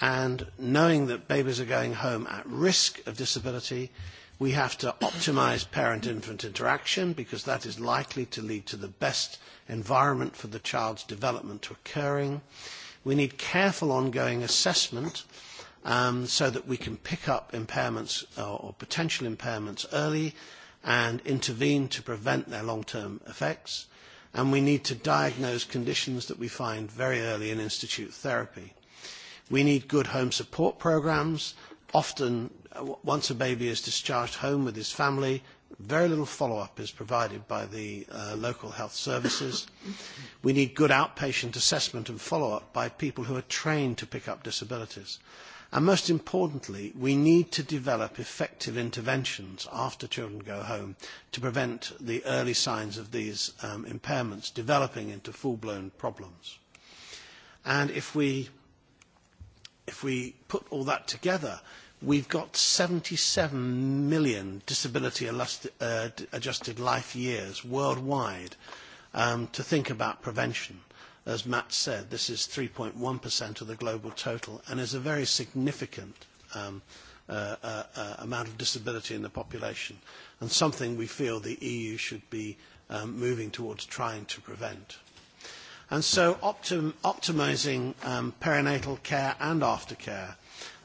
and knowing that babies are going home at risk of disability We have to optimise parent-infant interaction because that is likely to lead to the best environment for the child's development to occurring. We need careful ongoing assessment um, so that we can pick up impairments or potential impairments early and intervene to prevent their long-term effects. And we need to diagnose conditions that we find very early in institute therapy. We need good home support programmes Often, once a baby is discharged home with his family, very little follow-up is provided by the uh, local health services. we need good outpatient assessment and follow-up by people who are trained to pick up disabilities. And most importantly, we need to develop effective interventions after children go home to prevent the early signs of these um, impairments developing into full-blown problems. And if we, if we put all that together, we've got 77 million disability adjusted life years worldwide um, to think about prevention. As Matt said, this is 3.1% of the global total and is a very significant um, uh, uh, uh, amount of disability in the population and something we feel the EU should be um, moving towards trying to prevent. And so optim optimizing um, perinatal care and aftercare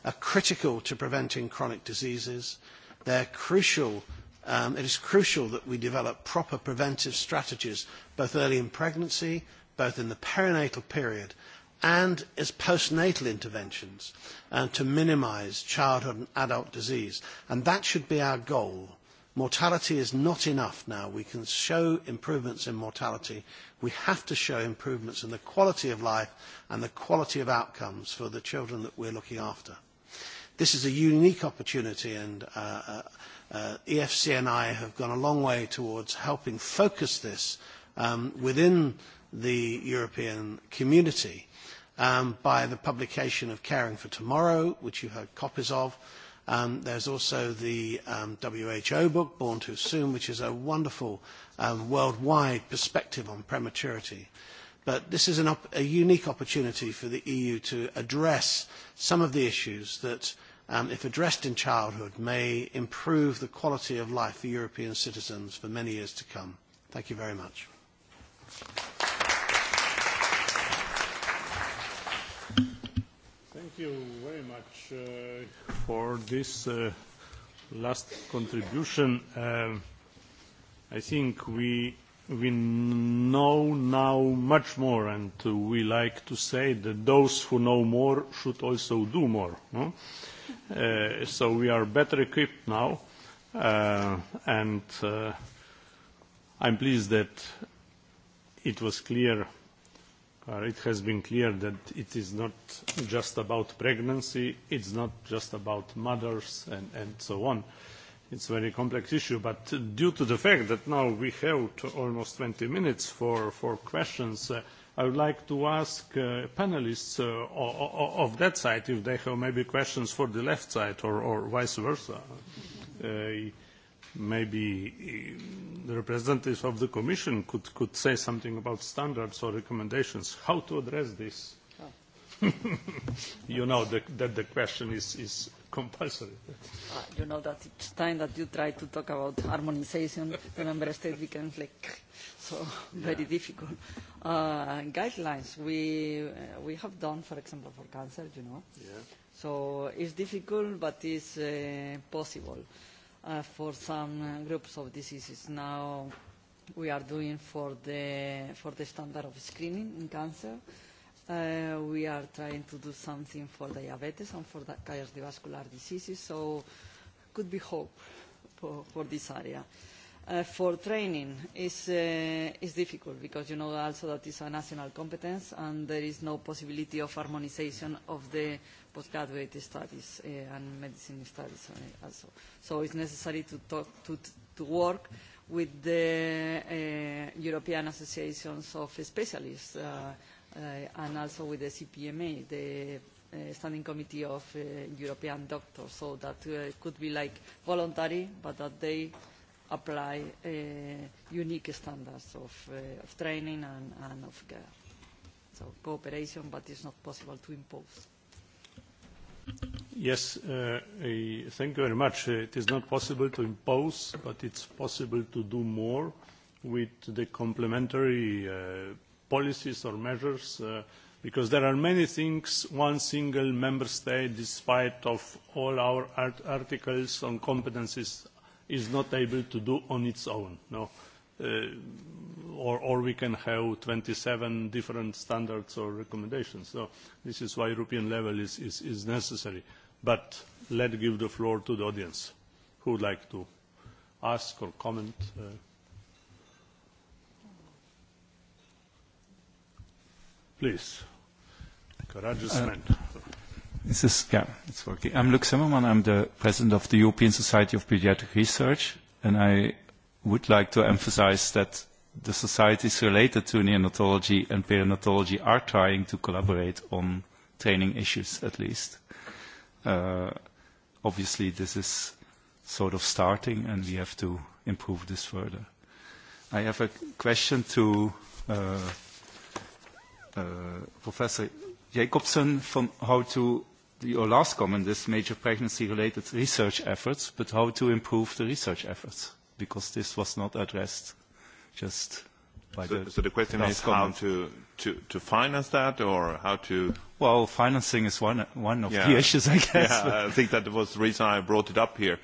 are critical to preventing chronic diseases. They're crucial. Um, it is crucial that we develop proper preventive strategies, both early in pregnancy, both in the perinatal period, and as postnatal interventions uh, to minimise childhood and adult disease. And that should be our goal. Mortality is not enough now. We can show improvements in mortality. We have to show improvements in the quality of life and the quality of outcomes for the children that we're looking after. This is a unique opportunity, and uh, uh, EFC and I have gone a long way towards helping focus this um, within the European community um, by the publication of Caring for Tomorrow, which you heard copies of. Um, there's also the um, WHO book, Born Too Soon, which is a wonderful um, worldwide perspective on prematurity. But this is an op- a unique opportunity for the EU to address some of the issues that um, if addressed in childhood, may improve the quality of life for European citizens for many years to come. Thank you very much. Thank you very much uh, for this uh, last contribution. Um, I think we we know now much more, and we like to say that those who know more should also do more. No? so we are better equipped now. And I'm pleased that it was clear, or it has been clear that it is not just about pregnancy, it's not just about mothers and and so on. It's a very complex issue, but due to the fact that now we have almost 20 minutes for for questions, I would like to ask panelists of that side if they have maybe questions for the left side or vice versa. Maybe the representatives of the commission could say something about standards or recommendations, how to address this. You know that the question is compulsory. You know that each time that you try to talk about harmonization, the member state becomes like so very difficult uh, guidelines we uh, we have done, for example, for cancer, you know. Yeah. So it's difficult, but it's uh, possible uh, for some groups of diseases. Now we are doing for the for the standard of screening in cancer. Uh, we are trying to do something for diabetes and for the cardiovascular diseases. So could be hope for, for this area. Uh, for training is, uh, is difficult because you know also that is a national competence and there is no possibility of harmonization of the postgraduate studies uh, and medicine studies also. So it's necessary to, talk, to, to work with the uh, European associations of specialists uh, uh, and also with the CPMA, the uh, Standing Committee of uh, European Doctors, so that uh, could be like voluntary, but that they apply unique standards of, of training and, and of care. So cooperation, but it's not possible to impose. Yes, thank you very much. It is not possible to impose, but it's possible to do more with the complementary policies or measures because there are many things one single member state, despite of all our articles on competences, is not able to do on its own. No. or, or we can have 27 different standards or recommendations. So this is why European level is, is, is necessary. But let's give the floor to the audience who would like to ask or comment. Uh, please, courageous uh, This is, yeah, it's working. I'm Luc Zimmermann. I'm the president of the European Society of Pediatric Research, and I would like to emphasize that the societies related to neonatology and perinatology are trying to collaborate on training issues, at least. Uh, obviously, this is sort of starting, and we have to improve this further. I have a question to uh, uh, Professor Jacobson from how to your last comment this major pregnancy-related research efforts, but how to improve the research efforts? Because this was not addressed just by the So the question is how to to to finance that or how to? Well, financing is one one of yeah. the issues, I guess. Yeah, I think that was the reason I brought it up here.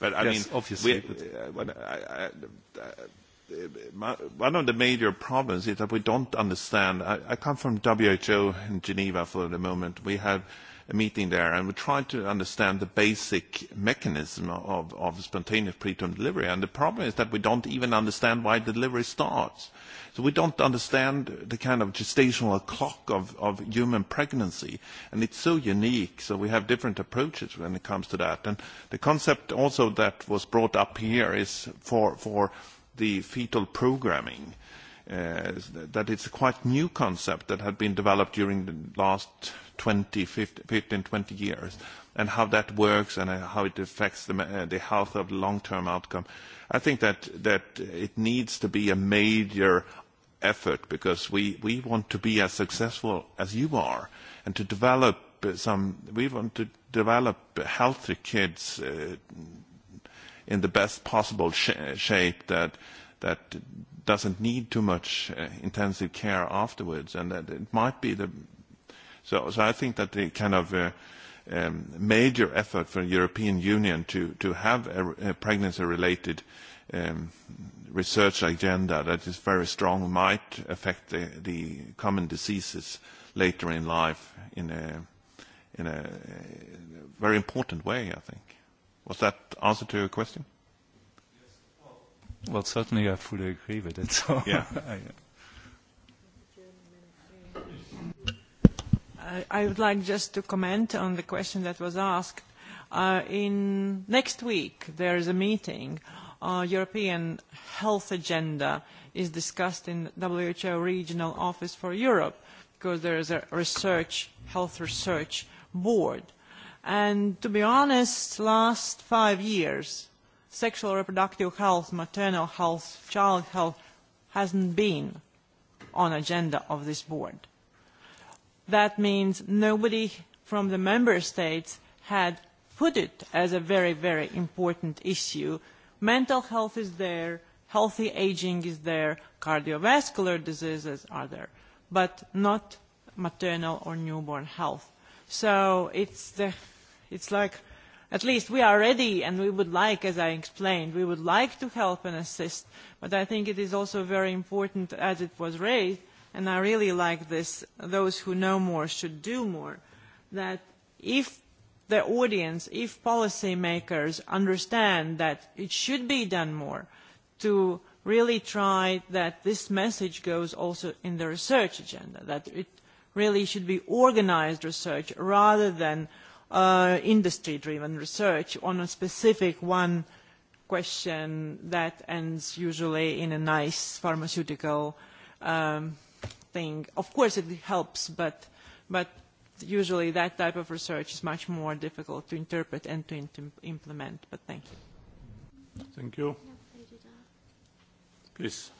But I yes, mean, obviously. We, but I, I, one of the major problems is that we don't understand. I, I come from WHO in Geneva for the moment. We had a meeting there and we tried to understand the basic mechanism of, of spontaneous preterm delivery. And the problem is that we don't even understand why delivery starts. So we don't understand the kind of gestational clock of, of human pregnancy. And it's so unique. So we have different approaches when it comes to that. And the concept also that was brought up here is for, for – the fetal programming, uh, that it's a quite new concept that had been developed during the last 20, 50, 15, 20 years, and how that works and how it affects the, uh, the health of the long-term outcome. I think that, that it needs to be a major effort because we, we want to be as successful as you are and to develop some, we want to develop healthy kids uh, in the best possible sh- shape that that doesn't need too much uh, intensive care afterwards, and that it might be the so. So I think that the kind of uh, um, major effort for European Union to to have a, a pregnancy-related um, research agenda that is very strong might affect the, the common diseases later in life in a in a very important way, I think. Was that answer to your question? Well, certainly I fully agree with it. So yeah. I would like just to comment on the question that was asked. Uh, in next week, there is a meeting. Uh, European health agenda is discussed in WHO Regional Office for Europe because there is a research, health research board. And to be honest, last five years, sexual reproductive health, maternal health, child health hasn't been on agenda of this board. That means nobody from the member states had put it as a very, very important issue. Mental health is there, healthy aging is there, cardiovascular diseases are there, but not maternal or newborn health. So it's the It's like, at least we are ready and we would like, as I explained, we would like to help and assist. But I think it is also very important, as it was raised, and I really like this, those who know more should do more, that if the audience, if policymakers understand that it should be done more to really try that this message goes also in the research agenda, that it really should be organised research rather than industry-driven research on a specific one question that ends usually in a nice pharmaceutical thing. Of course, it helps, but but usually that type of research is much more difficult to interpret and to implement. But thank you. Thank you. Please.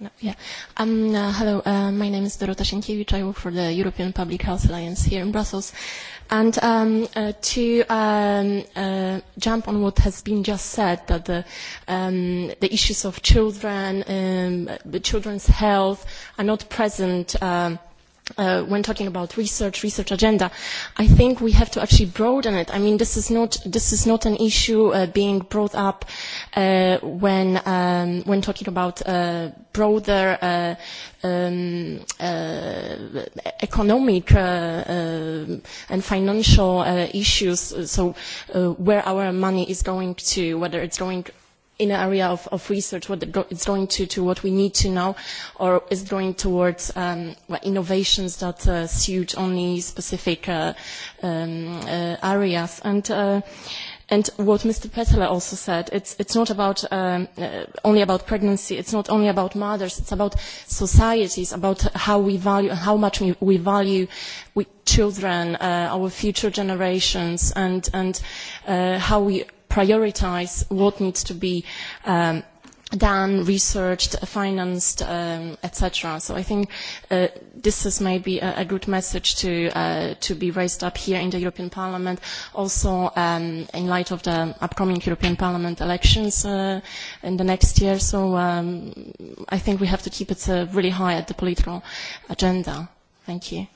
No, yeah. Um, uh, hello, uh, my name is Dorota Sienkiewicz. I work for the European Public Health Alliance here in Brussels. And um, uh, to um, uh, jump on what has been just said, that the, um, the issues of children, um, the children's health are not present um, uh, when talking about research, research agenda, I think we have to actually broaden it. I mean, this is not this is not an issue uh, being brought up uh, when um, when talking about uh, broader uh, um, uh, economic uh, uh, and financial uh, issues. So, uh, where our money is going to, whether it's going in an area of, of research, what it's going to, to what we need to know or is going towards um, well, innovations that uh, suit only specific uh, um, uh, areas. And uh, And what Mr. Petler also said, it's, it's not about, um, uh, only about pregnancy, it's not only about mothers, it's about societies, about how we value, how much we, we value we children, uh, our future generations, and, and uh, how we prioritise what needs to be done, researched, financed, um, etc. So I think uh, this is maybe a, a good message to uh, to be raised up here in the European Parliament. Also, um, in light of the upcoming European Parliament elections uh, in the next year, so um, I think we have to keep it uh, really high at the political agenda. Thank you.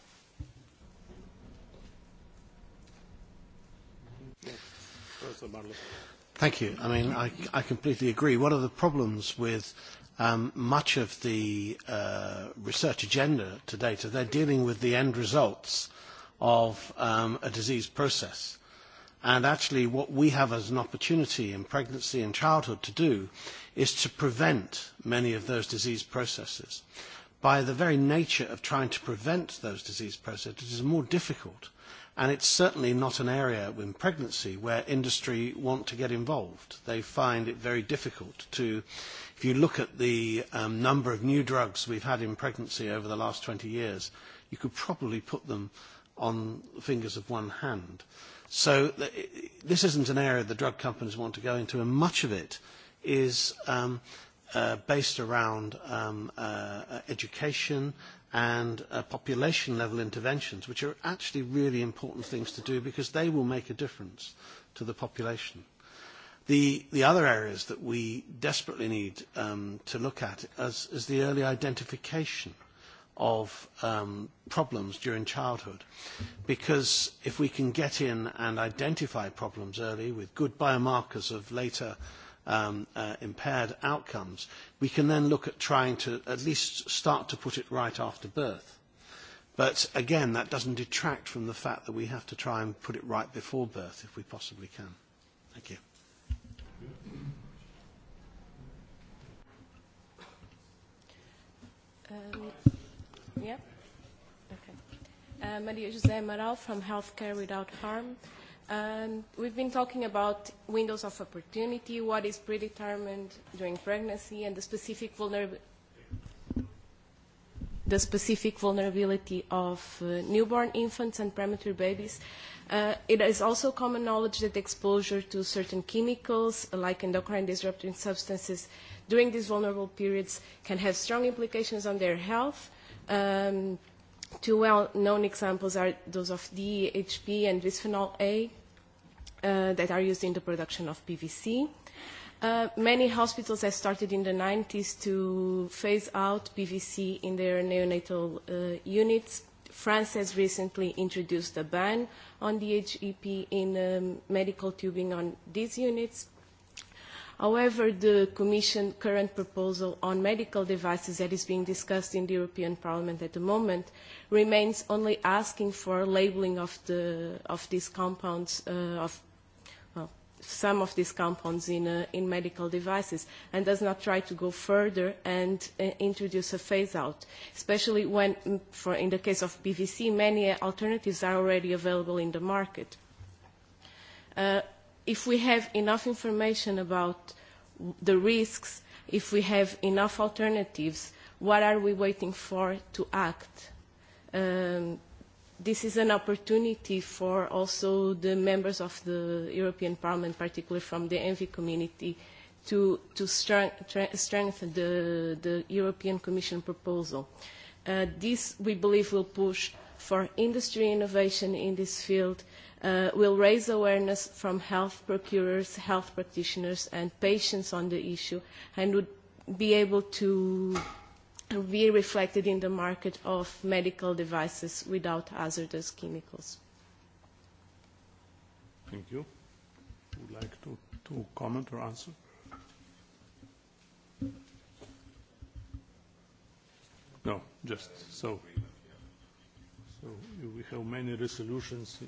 Thank you. I mean, I, I completely agree. One of the problems with um, much of the uh, research agenda to date is they're dealing with the end results of um, a disease process. And actually, what we have as an opportunity in pregnancy and childhood to do is to prevent many of those disease processes. By the very nature of trying to prevent those disease processes, it is more difficult And it's certainly not an area in pregnancy where industry want to get involved. They find it very difficult to, if you look at the um, number of new drugs we've had in pregnancy over the last 20 years, you could probably put them on the fingers of one hand. So this isn't an area the drug companies want to go into, and much of it is um, uh, based around um, uh, education and uh, population level interventions, which are actually really important things to do because they will make a difference to the population. The, the other areas that we desperately need um, to look at is, is the early identification of um, problems during childhood. Because if we can get in and identify problems early with good biomarkers of later um, uh, impaired outcomes, we can then look at trying to at least start to put it right after birth. But again, that doesn't detract from the fact that we have to try and put it right before birth if we possibly can. Thank you. Um, yeah. Okay. Uh, Maria José Amaral from Healthcare Without Harm. And we've been talking about windows of opportunity, what is predetermined during pregnancy, and the specific, vulnerab the specific vulnerability of uh, newborn infants and premature babies. Uh, it is also common knowledge that exposure to certain chemicals, like endocrine disrupting substances, during these vulnerable periods can have strong implications on their health. Um, Two well-known examples are those of DEHP and bisphenol A uh, that are used in the production of PVC. Uh, many hospitals have started in the 90s to phase out PVC in their neonatal uh, units. France has recently introduced a ban on DHEP in um, medical tubing on these units. However, the Commission current proposal on medical devices that is being discussed in the European Parliament at the moment remains only asking for labelling of, the, of these compounds, of some of these compounds in, uh, in medical devices and does not try to go further and uh, introduce a phase-out, especially when, for in the case of PVC, many alternatives are already available in the market. Uh, if we have enough information about the risks, if we have enough alternatives, what are we waiting for to act? Um, this is an opportunity for also the members of the European Parliament, particularly from the ENVI community, to, to strengthen the, the European Commission proposal. Uh, this, we believe, will push for industry innovation in this field, uh, will raise awareness from health procurers, health practitioners and patients on the issue and would be able to be reflected in the market of medical devices without hazardous chemicals. Thank you. Would like to, to comment or answer? No, just so we have many resolutions.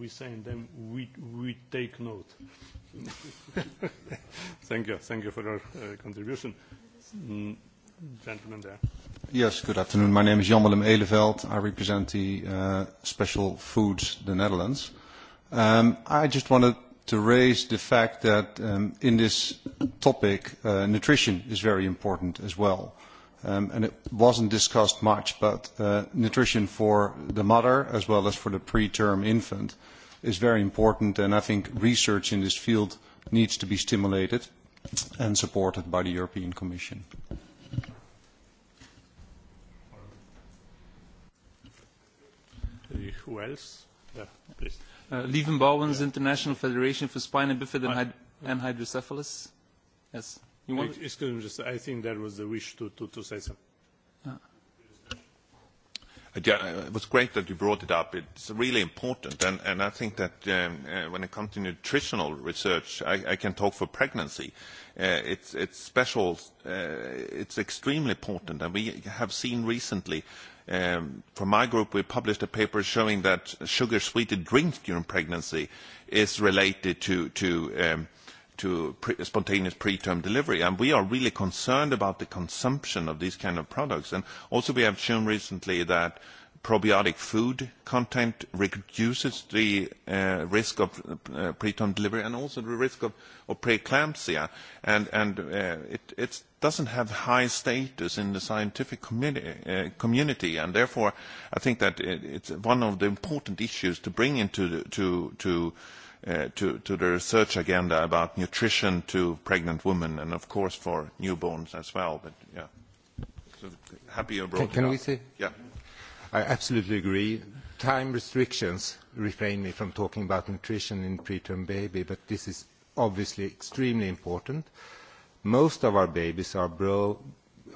We send them. We we take note. Thank you. Thank you for your uh, contribution. Mm, gentleman there. Yes, good afternoon. My name is Jan Willem Eleveld. I represent the uh, Special Foods, the Netherlands. Um, I just wanted to raise the fact that um, in this topic, uh, nutrition is very important as well and it wasn't discussed much, but nutrition for the mother as well as for the preterm infant is very important, and I think research in this field needs to be stimulated and supported by the European Commission. Who else? Lieven Bouwens, International Federation for Spina Bifida and Hydrocephalus. Yes. You want Excuse me, just I think that was the wish to, to, to say something. Yeah, it was great that you brought it up. It's really important, and, and I think that um, uh, when it comes to nutritional research, I, I can talk for pregnancy. Uh, it's, it's special. Uh, it's extremely important, and we have seen recently um, from my group, we published a paper showing that sugar-sweetened drinks during pregnancy is related to, to um, – to pre spontaneous preterm delivery. And we are really concerned about the consumption of these kind of products. And also we have shown recently that probiotic food content reduces the uh, risk of uh, preterm delivery and also the risk of, of preeclampsia. And, and uh, it it's, doesn't have high status in the scientific community uh, community. And therefore, I think that it, it's one of the important issues to bring into the, to, to to, to the research agenda about nutrition to pregnant women and of course for newborns as well. But yeah, so happy you brought Can, it we say? Yeah. I absolutely agree. Time restrictions refrain me from talking about nutrition in preterm baby, but this is obviously extremely important. Most of our babies are bro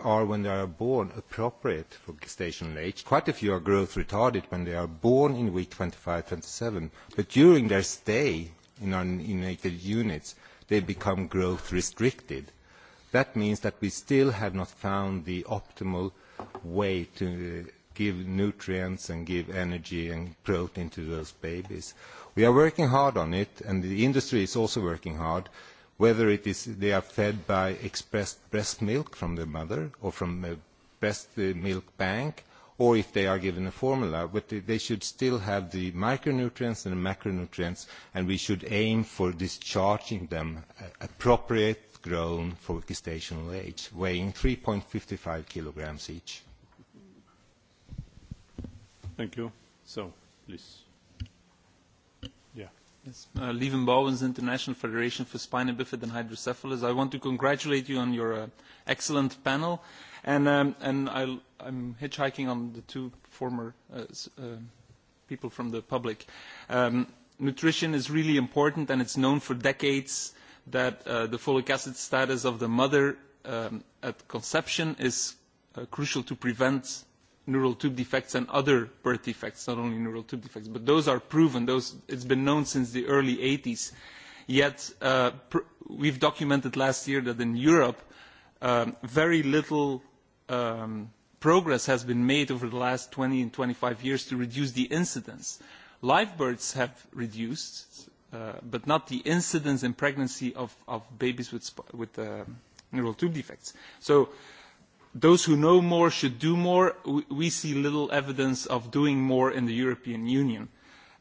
are, when they are born, appropriate for gestational age. Quite a few are growth retarded when they are born in week 25, 27, but during their stay in our neonatal units, they become growth restricted. That means that we still have not found the optimal way to give nutrients and give energy and protein to those babies. We are working hard on it, and the industry is also working hard whether it is they are fed by expressed breast milk from the mother or from a breast milk bank, or if they are given a formula, but they should still have the micronutrients and the macronutrients, and we should aim for discharging them appropriate grown for gestational age, weighing 3.55 kilograms each. Thank you. So, please. Yes. Uh, Lieven Bowens, International Federation for Spina Bifida and Hydrocephalus. I want to congratulate you on your uh, excellent panel. And, um, and I'll, I'm hitchhiking on the two former uh, uh, people from the public. Um, nutrition is really important, and it's known for decades that uh, the folic acid status of the mother um, at conception is uh, crucial to prevent neural tube defects and other birth defects, not only neural tube defects, but those are proven. Those, it's been known since the early 80s. Yet uh, pr we've documented last year that in Europe, um, very little um, progress has been made over the last 20 and 25 years to reduce the incidence. Live births have reduced, uh, but not the incidence in pregnancy of, of babies with, with uh, neural tube defects. So those who know more should do more. We see little evidence of doing more in the European Union.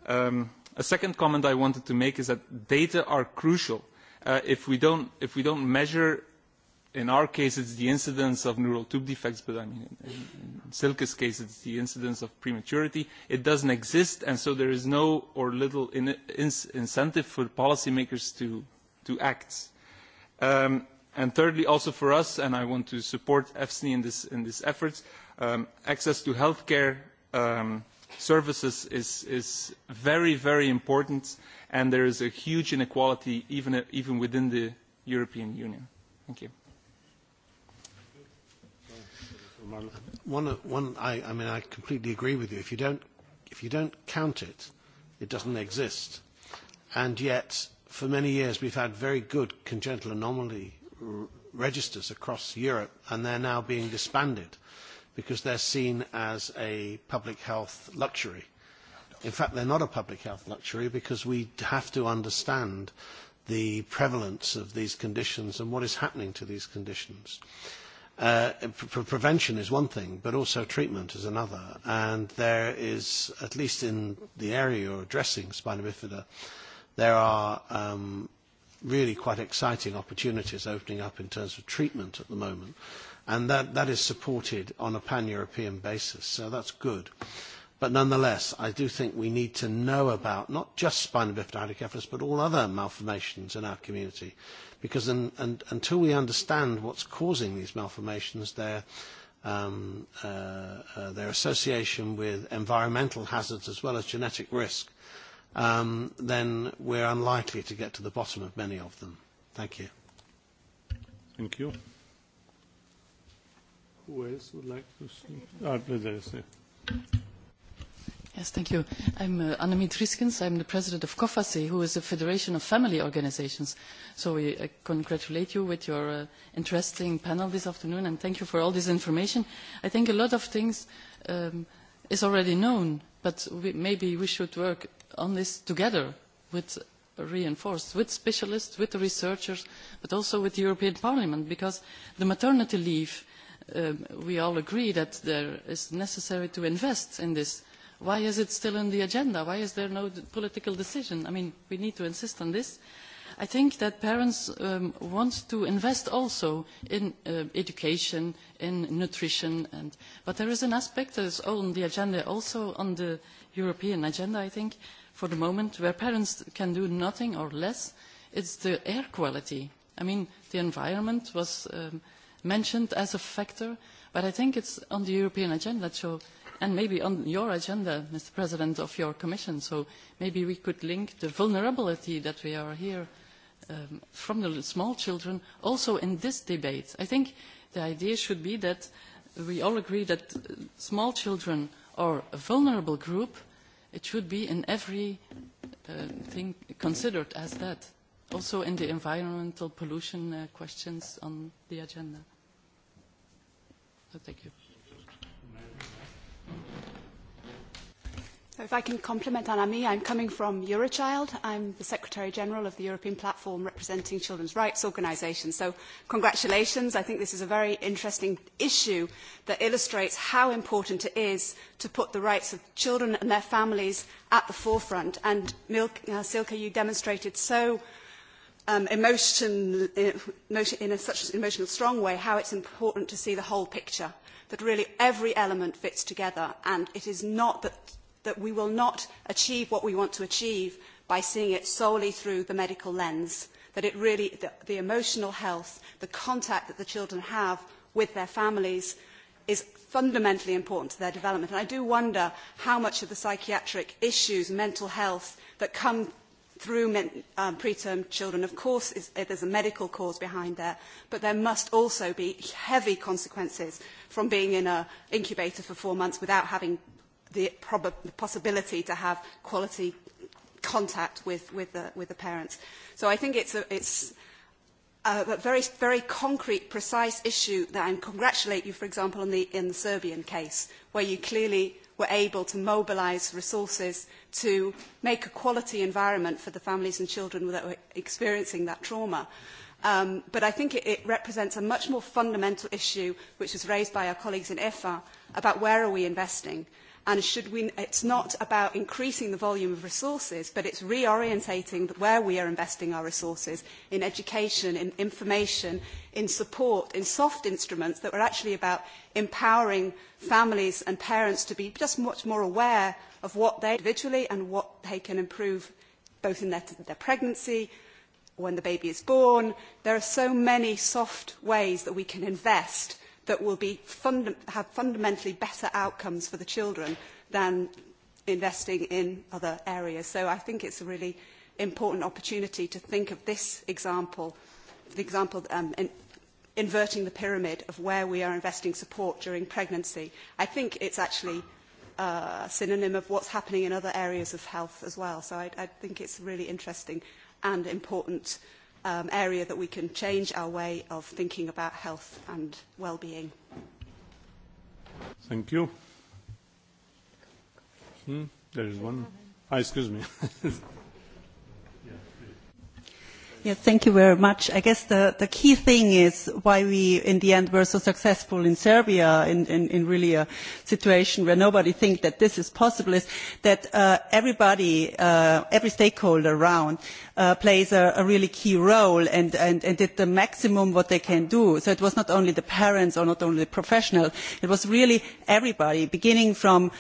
a second comment I wanted to make is that data are crucial. if we don't, if we don't measure, in our case, it's the incidence of neural tube defects, but I mean, in, in Silke's case, it's the incidence of prematurity. It doesn't exist, and so there is no or little in, in, incentive for policymakers to to act. Um, And thirdly, also for us, and I want to support EFSNI in this, in this effort, access to healthcare services is, is very, very important, and there is a huge inequality even, even within the European Union. Thank you. One, one I, I mean, I completely agree with you. If you don't, if you don't count it, it doesn't exist. And yet, for many years, we've had very good congenital anomaly registers across Europe, and they're now being disbanded because they're seen as a public health luxury. In fact, they're not a public health luxury because we have to understand the prevalence of these conditions and what is happening to these conditions. Uh, pre- prevention is one thing, but also treatment is another. And there is, at least in the area you're addressing, spina bifida, there are um, really quite exciting opportunities opening up in terms of treatment at the moment. And that, that is supported on a pan-European basis, so that's good. But nonetheless, I do think we need to know about not just spina bifida hydrocephalus, but all other malformations in our community. Because in, and, until we understand what's causing these malformations, their, um, uh, uh, their association with environmental hazards as well as genetic risk, um, then we're unlikely to get to the bottom of many of them. Thank you. Thank you. Who else would like to speak? Yes, thank you. I'm uh, Annemie Triskens. I'm the president of COFASE, who is a federation of family organizations. So we uh, congratulate you with your uh, interesting panel this afternoon, and thank you for all this information. I think a lot of things um, is already known, but we, maybe we should work on this together with reinforced with specialists, with researchers, but also with the European Parliament, because the maternity leave, we all agree that there is necessary to invest in this. Why is it still on the agenda? Why is there no political decision? I mean, we need to insist on this. I think that parents want to invest also in education, in nutrition, and, but there is an aspect that is on the agenda, also on the European agenda, I think, for the moment where parents can do nothing or less, it's the air quality. I mean, the environment was um, mentioned as a factor, but I think it's on the European agenda, so, and maybe on your agenda, Mr. President, of your Commission, so maybe we could link the vulnerability that we are here um, from the small children also in this debate. I think the idea should be that we all agree that small children are a vulnerable group, it should be in every thing considered as that, also in the environmental pollution questions on the agenda. So thank you. If I can compliment Anami, I'm coming from Eurochild. I'm the Secretary General of the European Platform representing children's rights organisations. So congratulations. I think this is a very interesting issue that illustrates how important it is to put the rights of children and their families at the forefront. And Milk, uh, Silke, you demonstrated so um, emotion, in a such an emotional strong way how it's important to see the whole picture, that really every element fits together. And it is not that that we will not achieve what we want to achieve by seeing it solely through the medical lens, that it really, the, the emotional health, the contact that the children have with their families is fundamentally important to their development. And I do wonder how much of the psychiatric issues, mental health, that come through preterm children. Of course, there is a medical cause behind there, but there must also be heavy consequences from being in an incubator for four months without having the, prob- the possibility to have quality contact with, with, the, with the parents. So I think it's a, it's a very, very concrete, precise issue that I congratulate you, for example, on the, in the Serbian case, where you clearly were able to mobilise resources to make a quality environment for the families and children that were experiencing that trauma. Um, but I think it, it represents a much more fundamental issue, which was raised by our colleagues in EFA, about where are we investing. And should we, it's not about increasing the volume of resources, but it's reorientating where we are investing our resources in education, in information, in support, in soft instruments that are actually about empowering families and parents to be just much more aware of what they individually and what they can improve both in their, their pregnancy, when the baby is born. There are so many soft ways that we can invest that will be fund have fundamentally better outcomes for the children than investing in other areas. So I think it's a really important opportunity to think of this example, the example um, in inverting the pyramid of where we are investing support during pregnancy. I think it's actually a synonym of what's happening in other areas of health as well. So I, I think it's really interesting and important uh, um, area that we can change our way of thinking about health and well-being. Thank you. Hmm? There is one. Ah, excuse me thank you very much. I guess the, the key thing is why we, in the end, were so successful in Serbia, in, in, in really a situation where nobody thinks that this is possible, is that uh, everybody, uh, every stakeholder around, uh, plays a, a really key role and, and, and did the maximum what they can do. So it was not only the parents or not only the professional, it was really everybody, beginning from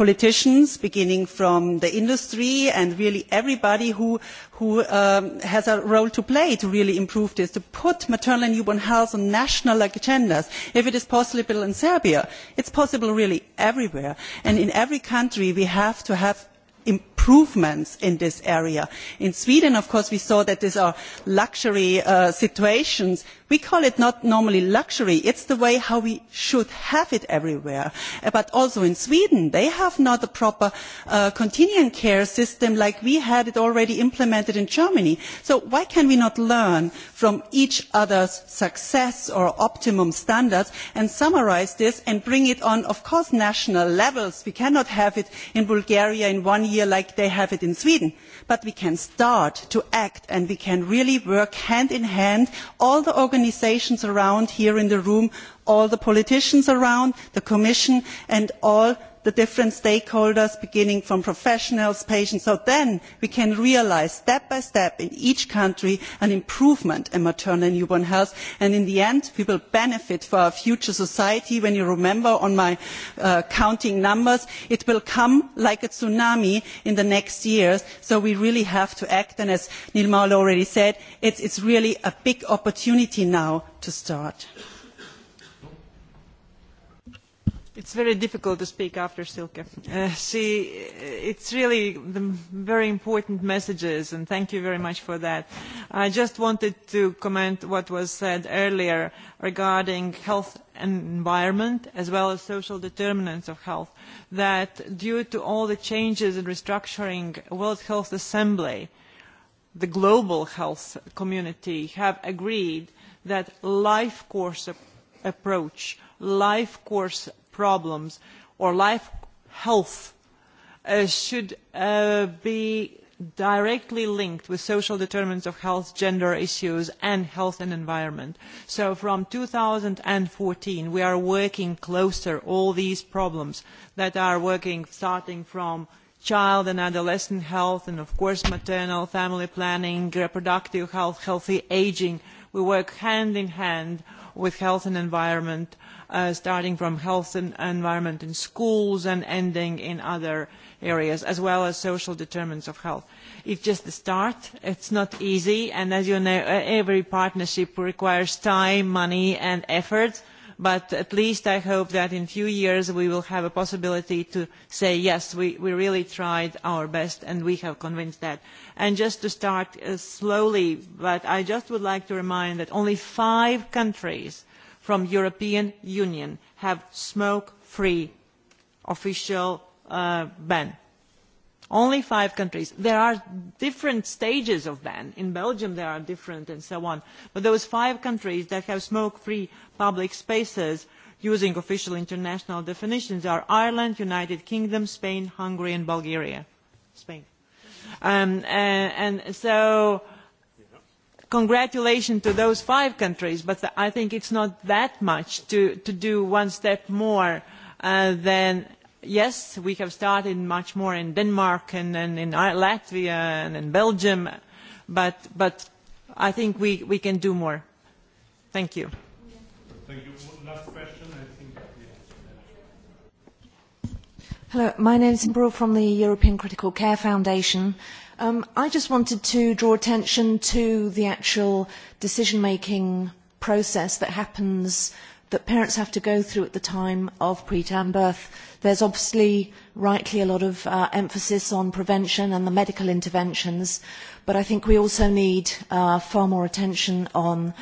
politicians, beginning from the industry and really everybody who, who um, has a role to play to really improve this, to put maternal and newborn health on national agendas. If it is possible in Serbia, it's possible really everywhere. And in every country, we have to have improvements in this area. In Sweden, of course, we saw that these are luxury situations. We call it not normally luxury. It's the way how we should have it everywhere. But also in Sweden, they have not a proper uh, continuing care system like we had it already implemented in Germany. So why can we not learn from each other's success or optimum standards and summarise this and bring it on, of course, national levels? We cannot have it in Bulgaria in one year like they have it in Sweden. But we can start to act and we can really work hand in hand all the organizations organisations around here in the room all the politicians around the commission and all the different stakeholders, beginning from professionals, patients, so then we can realise step by step in each country an improvement in maternal and newborn health. And in the end, we will benefit for our future society. When you remember on my counting numbers, it will come like a tsunami in the next years. So we really have to act. And as Nilmaul already said, it is really a big opportunity now to start. It's very difficult to speak after Silke. Uh, she, it's really the very important messages, and thank you very much for that. I just wanted to comment what was said earlier regarding health and environment, as well as social determinants of health, that due to all the changes in restructuring, World Health Assembly, the global health community, have agreed that life course approach life course problems or life health should be directly linked with social determinants of health, gender issues, and health and environment. So from fourteen we are working closer all these problems that are working starting from child and adolescent health and of course maternal family planning, reproductive health, healthy ageing. We work hand in hand with health and environment starting from health and environment in schools and ending in other areas, as well as social determinants of health. It's just the start. It's not easy, and as you know, every partnership requires time, money, and effort but at least I hope that in a few years we will have a possibility to say, yes, we, we really tried our best and we have convinced that. And just to start slowly, but I just would like to remind that only five countries from the European Union have smoke-free official ban. Only five countries. There are different stages of ban. In Belgium there are different and so on. But those five countries that have smoke-free public spaces using official international definitions are Ireland, United Kingdom, Spain, Hungary and Bulgaria. Spain. and so congratulations to those five countries, but I think it's not that much to, to do one step more than, yes, we have started much more in Denmark and, and in Latvia and in Belgium, but, but I think we, we can do more. Thank you. Thank you. Last question. Hello, my name is Imbro from the European Critical Care Foundation. Um, I just wanted to draw attention to the actual decision-making process that happens that parents have to go through at the time of preterm birth. There's obviously rightly a lot of uh, emphasis on prevention and the medical interventions, but I think we also need uh, far more attention on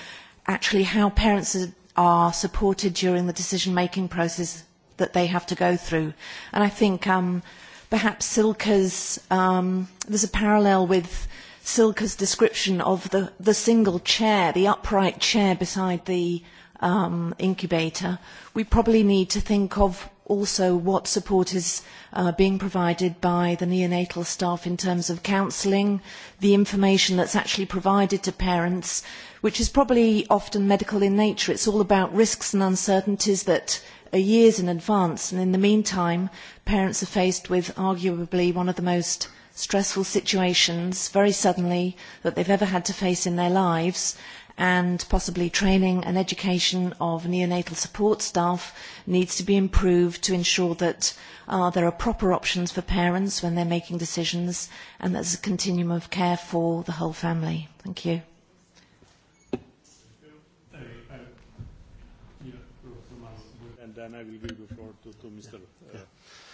actually how parents are supported during the decision-making process that they have to go through. And I think um, perhaps Silka's, um, there's a parallel with Silka's description of the, the single chair, the upright chair beside the um, incubator. We probably need to think of also what support is uh, being provided by the neonatal staff in terms of counselling, the information that's actually provided to parents, which is probably often medical in nature. It's all about risks and uncertainties that years in advance. And in the meantime, parents are faced with arguably one of the most stressful situations very suddenly that they've ever had to face in their lives and possibly training and education of neonatal support staff needs to be improved to ensure that there are proper options for parents when they're making decisions and there's a continuum of care for the whole family. Thank you. then I will give the floor to, to Mr. Uh,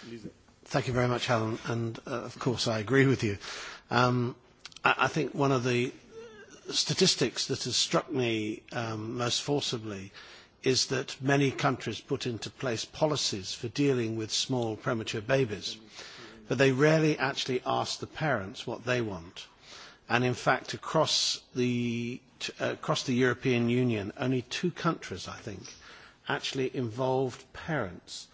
Lise. Thank you very much, Alan. And uh, of course, I agree with you. Um, I, I think one of the statistics that has struck me um, most forcibly is that many countries put into place policies for dealing with small premature babies, but they rarely actually ask the parents what they want. And in fact, across the, across the European Union, only two countries, I think, actually involved parents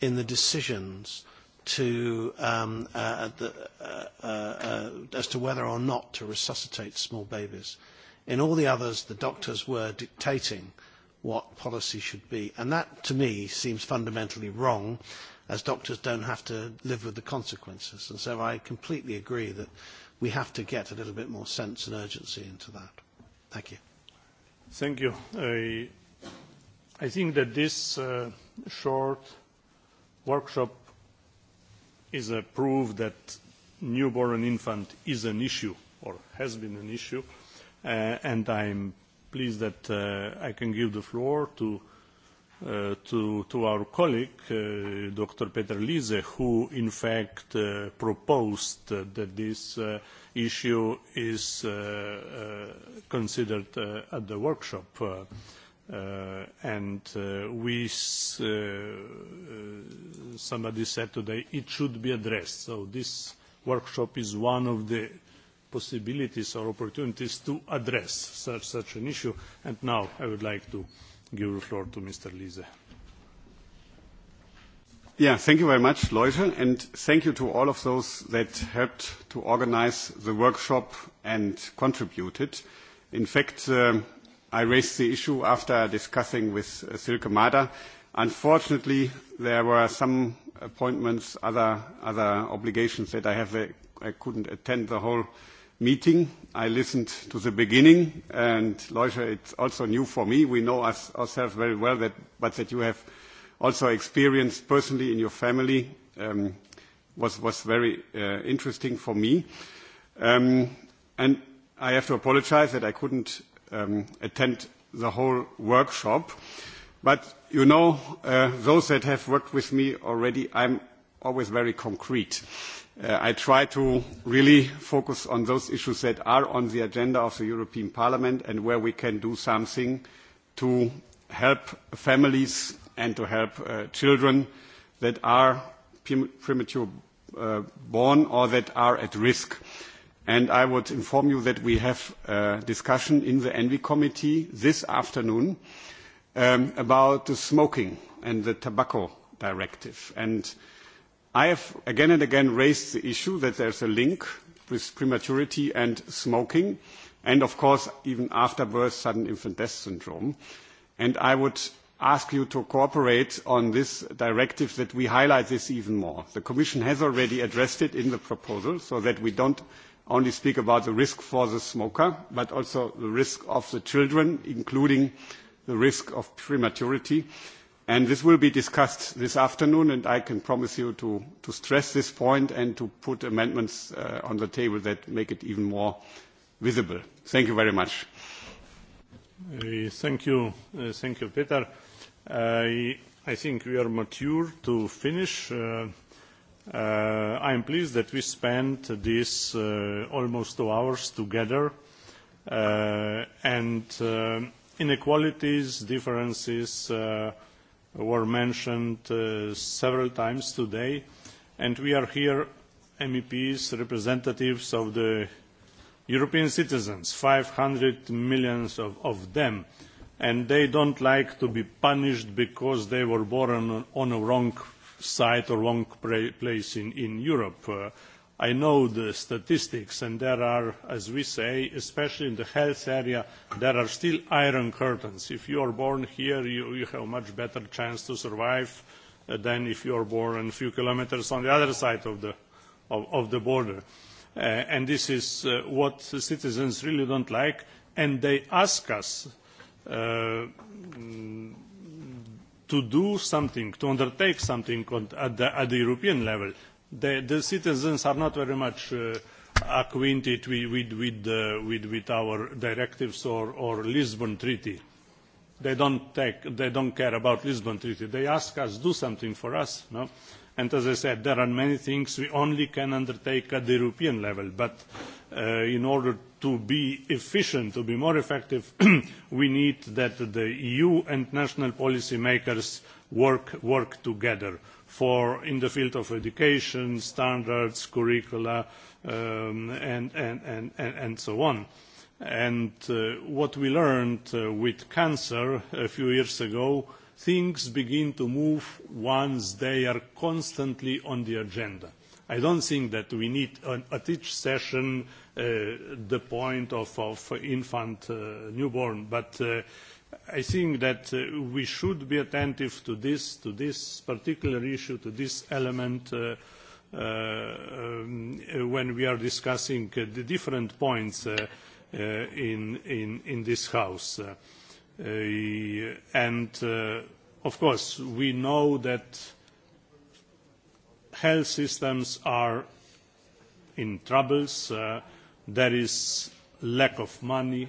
in the decisions to um, uh, the, uh, uh, as to whether or not to resuscitate small babies. In all the others, the doctors were dictating what policy should be, and that to me seems fundamentally wrong, as doctors don't have to live with the consequences. And so I completely agree that we have to get a little bit more sense and urgency into that. Thank you. Thank you. I think that this short workshop is a proof that newborn infant is an issue or has been an issue, and I'm pleased that I can give the floor to to to our colleague, Dr. Peter Liese, who in fact proposed that this issue is considered at the workshop and we, somebody said today, it should be addressed. So this workshop is one of the possibilities or opportunities to address such an issue. And now I would like to give the floor to Mr. Liese. Yeah, thank you very much, Leute, and thank you to all of those that helped to organize the workshop and contributed. In fact, I raised the issue after discussing with Silke Mader. Unfortunately, there were some appointments, other, other obligations that I have. I couldn't attend the whole meeting. I listened to the beginning, and Leusche, it's also new for me. We know us, ourselves very well, that, but that you have also experienced personally in your family was, was very uh, interesting for me. Um, and I have to apologize that I couldn't um, attend the whole workshop. But you know, uh, those that have worked with me already, I'm always very concrete. Uh, I try to really focus on those issues that are on the agenda of the European Parliament and where we can do something to help families and to help uh, children that are premature uh, born or that are at risk. Uh, And I would inform you that we have a discussion in the ENVI committee this afternoon about the smoking and the tobacco directive. And I have again and again raised the issue that there is a link with prematurity and smoking, and of course, even after birth, sudden infant death syndrome. And I would ask you to cooperate on this directive that we highlight this even more. The Commission has already addressed it in the proposal so that we don't only speak about the risk for the smoker, but also the risk of the children, including the risk of prematurity. And This will be discussed this afternoon, and I can promise you to to stress this point and to put amendments on the table that make it even more visible. Thank you very much. Thank you. Thank you, Peter. I think we are mature to finish. I am pleased that we spent these almost two hours together, and inequalities, differences were mentioned several times today, and we are here, MEPs, representatives of the European citizens, five hundred million of them, and they don't like to be punished because they were born on a wrong site or wrong place in Europe. I know the statistics, and there are, as we say, especially in the health area, there are still iron curtains. If you are born here, you have a much better chance to survive than if you are born a few kilometres on the other side of the border. And this is what citizens really don't like, and they ask us to do something, to undertake something at the, at the European level. The, the citizens are not very much uh, acquainted with, with, with, uh, with, with our directives or, or Lisbon Treaty. They don't, take, they don't care about Lisbon Treaty. They ask us, do something for us. No? And as I said, there are many things we only can undertake at the European level. But in order to be efficient, to be more effective, we need that the EU and national policymakers work, together for in the field of education, standards, curricula, and, so on. And what we learned with cancer a few years ago, things begin to move once they are constantly on the agenda. I don't think that we need an, at each session the point of, of infant newborn. But I think that we should be attentive to this, to this particular issue, to this element when we are discussing the different points in this house. And of course, we know that health systems are in troubles there is lack of money.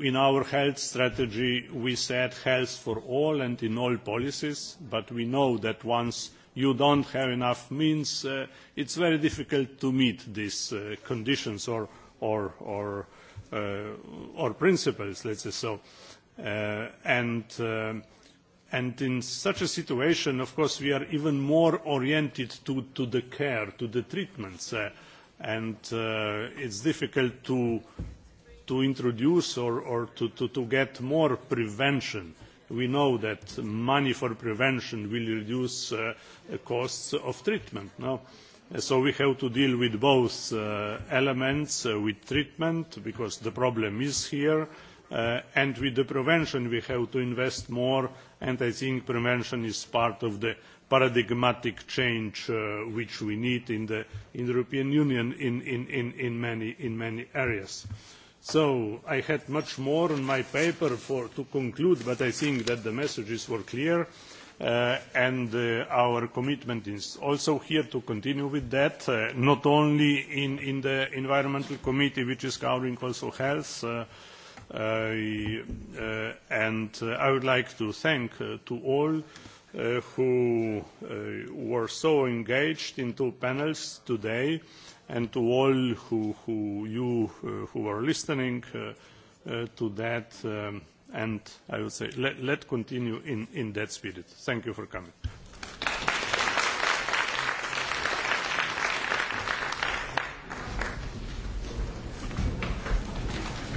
In our health strategy, we said health for all and in all policies, but we know that once you don't have enough means, it it's very difficult to meet these conditions or, or, or, principles, let's say so. and, in such a situation, of course, we are even more oriented to, the care, to the treatments and it's difficult to introduce or to get more prevention. We know that money for prevention will reduce the costs of treatment. So we have to deal with both elements, with treatment, because the problem is here, and with the prevention we have to invest more, and I think prevention is part of the paradigmatic change which we need in the European Union in many areas. So I had much more on my paper to conclude, but I think that the messages were clear, and our commitment is also here to continue with that, not only in the Environmental Committee, which is covering also health, and I would like to thank to all who were so engaged in two panels today, and to all who, who you who are listening to that. and I would say let, let continue in, in that spirit. Thank you for coming.